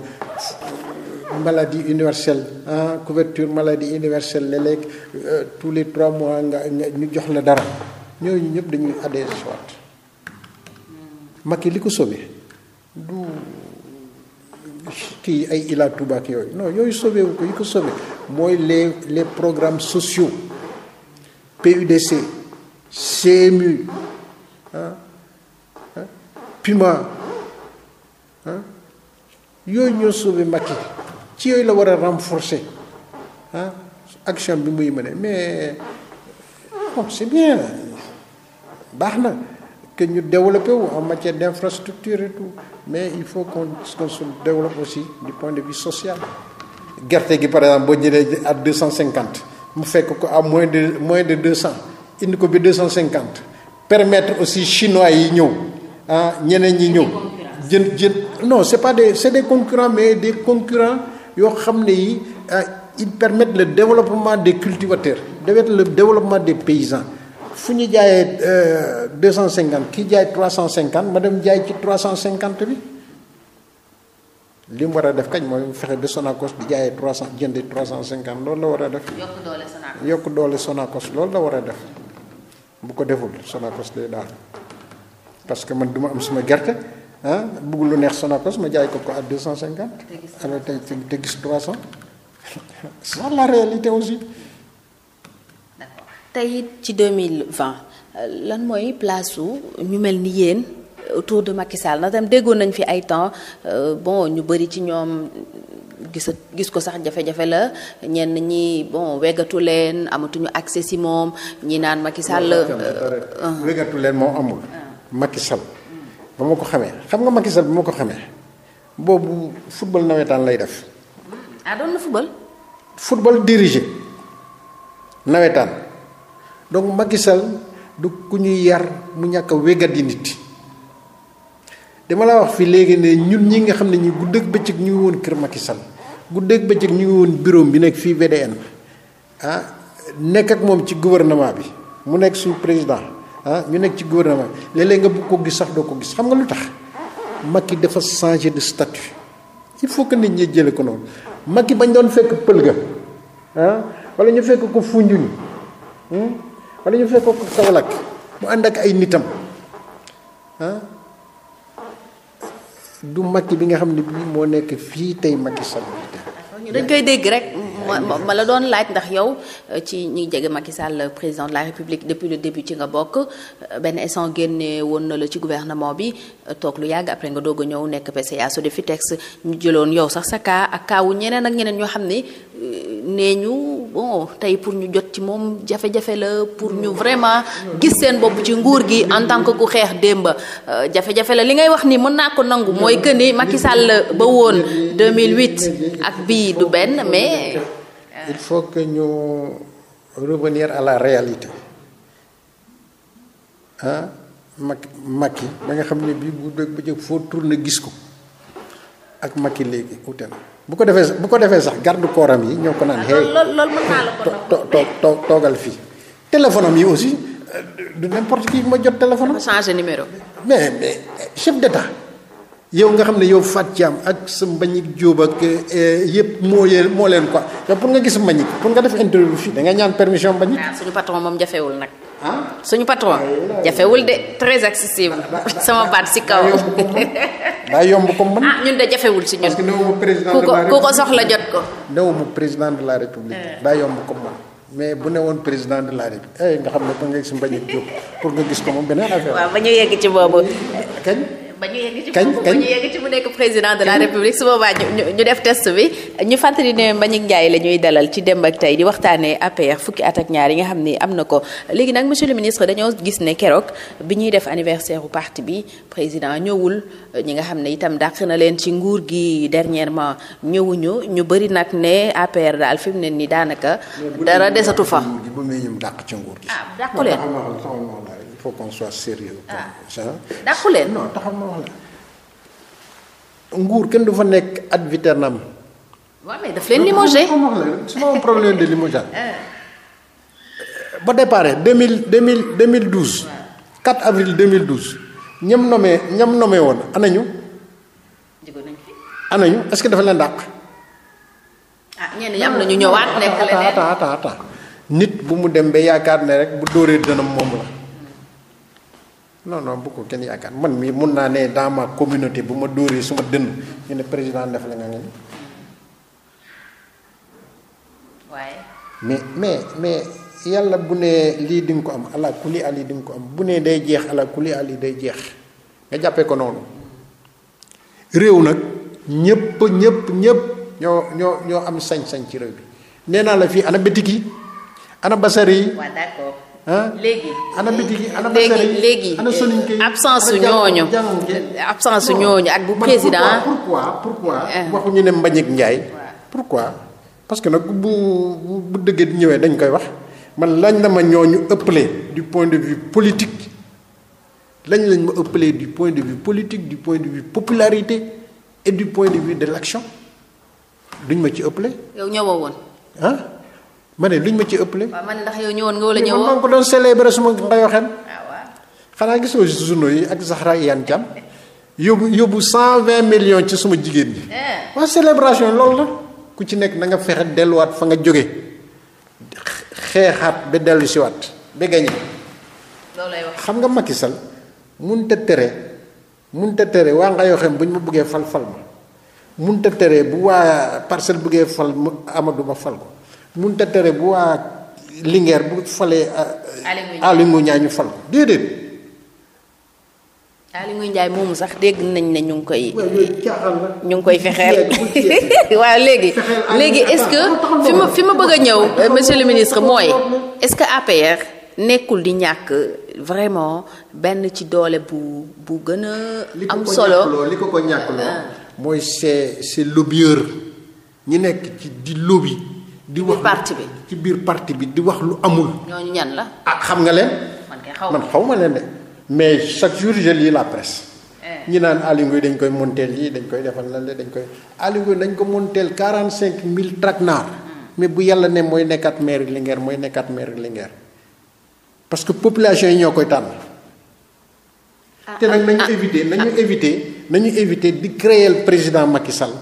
maladie universelle ah couverture maladie universelle léeg-léeg euh, tous les trois mois nga ñu jox la dara ñooñu ñëpp dañuy adhéré waat Macky li ko sauvé du kii ay Ila Touba ak yooyu non yooyu sauvé wu ko yi ko sauvé mooy les les programmes sociaux PUDC CMU ah PUMA ah yooyu ñoo sauvé ci yooyu la war a renforcer ah action bi muy mëne mais bon c'est bien baax na que ñu développé wu en matière d'infrastructure et tout mais il faut qu'on qu'on se développe aussi du point de vue social gerte gi par exemple boo jëlee à deux cent cinquante mu fekk ko à moins de moins de deux cent indi ko bi deux cent cinquante permettre aussi chinois yi ñëw ah ñeneen ñi ñëw jën jën non c'est pas des c'est des concurrents mais des concurrents yoo xam ne yi euh, ils permettent le développement des cultivateurs permettent la développement des paysan fu ñu jaayee euh, deux cent cinquante kii jaay trois cent cinquante ma dem jaay ci trois cent cinquante bi li mu war a def kañ mooy mu fexe ba Sonacos di jaayee trois cent jënde trois cent cinquante loolu la war a def. yokk doole Sonacos loolu la war a def bu ko deful Sonacos day daal parce que man du am suma gerte. ah bugg lu neex Sonacos ma jaay ko ko à deux cent cinquante.
alors tey te gis trois cent. <laughs> c'est la te aussi. d'accord it ci deux mille vingt lan mooy place su ñu mel ni yéen autour de Macky Sall na tam déggoon nañ fi ay temps euh, bon ñu bëri ci ñoom. gis gis ko sax jafe-jafe la ñenn ñi bon wegatu leen amatuñu accès si moom ñi naan Macky Sall. Euh,
euh, wegatu leen moo amul. Ah. Macky ba ma ko xamee xam nga makisal Sall ba ma ko xamee boobu football nawetaan lay def. ah doon na football. football dirigé nawetaan donc Macky du ku ñuy yar mu ñàkk wegat wéggat yi nit. dama la wax fii léegi ne ñun ñi nga xam ne ñi guddeeg bëccëg ñu ngi woon kër Macky Sall bëccëg ñu ngi woon bureau bi nekk fii VDN ah nekk ak moom ci gouvernement bi mu nekk suñu président. ah ñu nekk ci gouvernement léeg-léeg nga bëgg koo gis sax doo ko gis xam nga lu tax Macky dafa changer de statu il faut que nit ñi jële ko noonu Macky bañ doon fekk pël ga ah, walla ñu fekk ko Foundiougne hmm, wala ñu fekk ko Kaolack mu ànd ak ay nitam ah du Macky bi nga xam ne moo nekk fii tey Macky Sall
dañ koy dégg rek. ma ma la doon laaj ndax yow euh, ci ñi jege Macky Sall euh, président de la République depuis le début ci nga bokk euh, benn instant génne woon na la ci gouvernement bi toog lu yàgg après nga doog a ñëw nekk PCA Sodefitex ñu jëloon yow sax sa kaa ak kaawu ñeneen ak ñeneen ñoo xam ne nee ñu tey pour ñu jot ci moom jafe-jafe la pour ñu vraiment gis seen bopp ci nguur gi en tant que ku xeex démba jafe-jafe la li ngay wax ni mën naa ko nangu mooy que ni Macky Sall ba woon 2008 ak bii du benn mais.
il faut que ñu revenir à la réalité ah Macky Macky ba nga xam ne bii bu dëgg bu jëkk foo na gis ko ak Macky léegi ute na bu ko defee bu ko defee sax garde corps am yi ñoo ko naan. hey toogal fii téléphone yi aussi euh,
du n'importe qui ma jot téléphone am. changé mais
mais chef d'état yow nga xam ne yow Fatou Thiam ak sa Mbagnick Diop ak eh, yëpp moo yee moo leen ko yow pour nga gis Mbagnick pour nga def interview fii da nga ñaan permission
Mbagnick. waaw ah, suñu patron moom jafewul nag. ah suñu patron. jafewul de très accessible. Ah, sama baat si kaw. daa yomb comme man ah jafewul si ñun. parce que néew président la république ku ko soxla jot ko.
néew mu président de la république. Eh. daa mais bu ne woon président de la eh, nga xam ne ba nga gis Mbagnick nga gis ko moom beneen affaire. ba ñu yegg ci boobu.
kañ. ba ñu yegg ci ba ñu yegg nekk président de la république su boobaa ñu def test bi ñu fàttali ne Mbagnick Ndiaye la ñuy dalal ci Demb ak Tay di waxtaanee APR fukki at ak ñaar yi nga xam ni am na ko léegi nag monsieur le ministre dañoo gis ne keroog bi ñuy def anniversaire u parti bi président ñëwul ñi nga xam ne itam dàq na leen ci nguur gi dernièrement ñëwuñu ñu bëri nag ne APR daal fi mu ne ni daanaka dara desatu fa
dàq ci nguur gi ah, faut qu'on soit sérieux
ah. dàqu leen non taxal
nguur kenn du fa nekk ad viternam
waaw mais daf leen limogé c'est
pas un problème de limogeage <laughs> ah. ba départ 2000 2000 2012 4 avril 2012 ñam nommé ñam nommé woon anañu anañu est-ce que dafa leen dàq
ah, am na ñu ñëwaat
nit bu mu dem ba yaakaar ne rek bu dóoree dënam moom la non non bu ko kenn yaakaar man mii mun naa ne dans ma communauté bu ma dóoree su ma dënn ñu ne président def la nga ngi waaye. mais mais mais yàlla bu ne lii di nga ko am ala kuli ali di nga ko am bu ne day jeex ala kuli ali day jeex nga jàppee ko noonu réew nag ñëpp ñëpp ñëpp ñoo ñoo am sañ-sañ ci réew bi nee naa la fii ana bitik yi ana basari yi.
léegi léegi léegi absence su ñooñu absence su ñooñu ak bu président pourquoi pourquoi eh. waxuñu ne
Mbagnick pour quoi parce que nag bu bu dëgg di ñëwee dañ koy wax man lañ la ma ñooñu ëppalee du point de vue politique lañ lañ ma ëppalee du point de vue politique du point de vue popularité et du point de vue de duñ ma ci ëpple yow ñëwoo woon ma ne luñ ma ci ëppale. waaw
man ndax yow ñëwoon nga wala ñëwoo man
ko doon célébrer suma ngayoo xel. Ah, xanaa gisoo journaux yi ak Zahra Iyane Thiam yóbbu yóbbu cent vingt millions ci suma jigéen ñi.
Eh. waa célébration
loolu la ku ci nekk nanga nga fexe delluwaat fa nga jóge xeexaat ba dellusiwaat si waat ba gañe xam nga Macky Sall mun ta tere mun ta tere waa nga bu ñu ma buggee fal fal ma mun ta tere bu waa parcelle buggee fal Amadou Ba fal ko mun a tere bu waa Linguère bu falee. Ah, ah, Aly Ngouille Ndiaye ñu fal ko déedéet.
Aly Ngouille moomu sax dégg nañ ne ñu ngi koy. ñu ngi koy fexeel. <laughs> waaw léegi léegi est-ce que fi ma bëgg a ñëw monsieur le ministre mooy est-ce que APR nekkul di ñàkk vraiment benn ci doole bu bu gën a. am solo
li ko ko ñàkk loo ah. mooy c'est c'est lobbyeur ñi nekk ci di lobby. di wax parti ci biir parti bi di wax lu amul.
ñooñu ñan la. ah xam nga leen. man xaw ma xaw
ma leen de mais chaque jour je lis la presse. Eh. ñi naan Aliou Ngoye dañ koy monteel lii dañ koy defal lan la dañ koy Aliou Ngoye dañ ko monteel quarante cinq mille traquenards. Hmm. mais bu yàlla ne mooy nekkaat maire Linguère mooy nekkaat maire parce que population yi ñoo koy tànn. Ah, te nag ah, ah. nañu éviter invité na nañu invité di créer président Macky Sall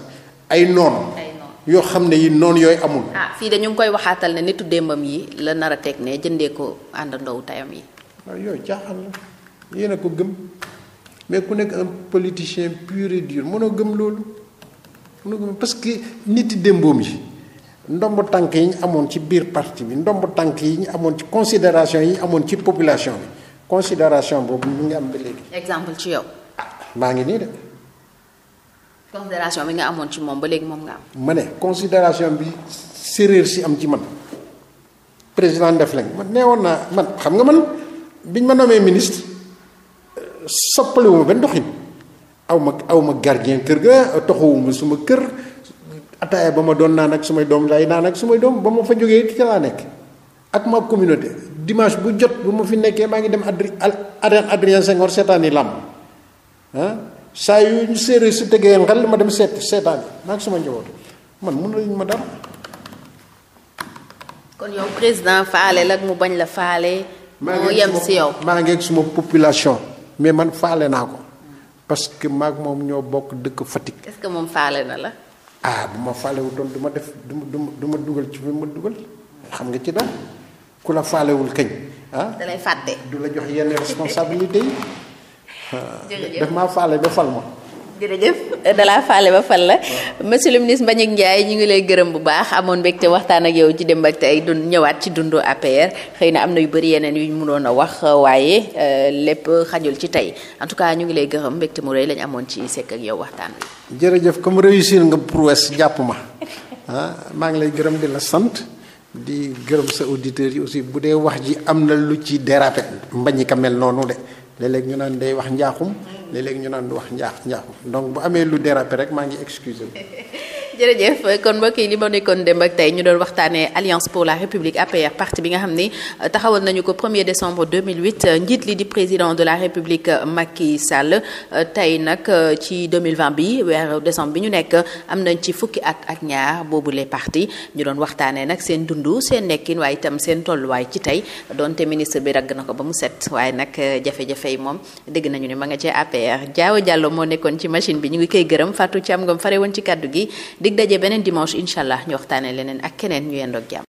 ay noon yoo xam ne yi noonu yooyu amul.
ah fii de ñu ngi koy waxaatal ne nitu démbam yi la nar a teg nee jëndee ko àndandoo tayam yi. Ah, yooyu jaaxal
la yéen a ko gëm mais ku nekk un politicien pur et dur mënoo gëm loolu mënoo gëm parce que niti démboom yi ndomb tànk yi ñu amoon ci biir parti bi ndomb tànk yi ñu amoon ci considération yi ñu amoon ci population bi considération boobu mu ngi am ba léegi.
exemple ci yow. Ah, maa ngi nii de. considération bi nga amoon ci moom ba léegi moom nga am.
ma ne considération bi séréer si am ci man président Ndefleng ma nee woon naa man xam nga man biñ ma noomee ministre soppaliwuma benn doxin aw ma aw ma gardien kër ga toxuwuma suma kër ataaya ba ma doon naan ak su sumay doom lay naan ak may doom ba ma fa jógee ci laa nekk ak ma communauté dimanche bu jot bu ma fi nekkee maa ngi dem Adrien Adrien Senghor seetaani làmb ah? saa yu ñu séeréer si tegee ngel ma dem seet seetaan maa ngi sama njaboot man
mun nañu ma dara. kon yow président faale la mu bañ la faale. moo yem si yow
maa ngi suma population mais man faale naa ko parce que maag moom ñoo bokk dëkk Fatick.
est-ce que moom faale na la.
ah bu ma faalewul doon du ma def du ma dugal ci bi ma dugal xam nga ci daal ku la faalewul kañ ah. da
lay du la jox yenn responsabilité yi. jërëjëf daf maa faale ba fal jërëjëf dalaa faale ba fal la monsieur le ministre Mbagnick Ndiaye ñu ngi lay gërëm bu baax amoon mbégte waxtaan ak yow ci dem ak ay dund ñëwaat ci dund APR xëy na am na yu bëri yeneen yu ñu mënoon a wax waaye euh, lépp xajul ci tey en tout cas ñu ngi lay gërëm mbégte mu rëy lañ amoon ci sekk ak yow waxtaan wi.
jërëjëf comme réussir nga prouesse jàpp ma ah maa ngi lay gërëm di la sant di gërëm sa auditeurs yi aussi bu dee wax ji am na lu ci dérapé Mbagnick a mel de. léeg ñu naan day wax njaaxum léeg-léeg ñu naan du wax njaax njaaxum donc bu amee lu dérapé rek maa ngi excusé
jërëjëf kon mbokk yi li ma nekkoon démb ak tey ñu doon waxtaanee alliance pour la république APR parti bi nga xam ni euh, taxawal nañu ko premier er décembre 2008 euh, njiit li di président de la république euh, Macky Sall tey nag ci 2020 bi weeru décembre bi ñu nekk am nañ ci fukki at ak ñaar boobu les parti ñu doon waxtaanee nag seen dund seen nekkin waaye itam seen tolluwaay ci tey donte ministre bi ragg na ko ba mu set waaye nag jafe-jafe yi moom dégg nañu ne ma nga cee APR Diaw Diallo moo nekkoon ci machine bi ñu ngi koy gërëm Fatou Thiam Ngom fare woon ci kaddu gi. dig daje beneen dimanche incha allah ñu waxtaanee leneen ak keneen ñu yendoog jàmm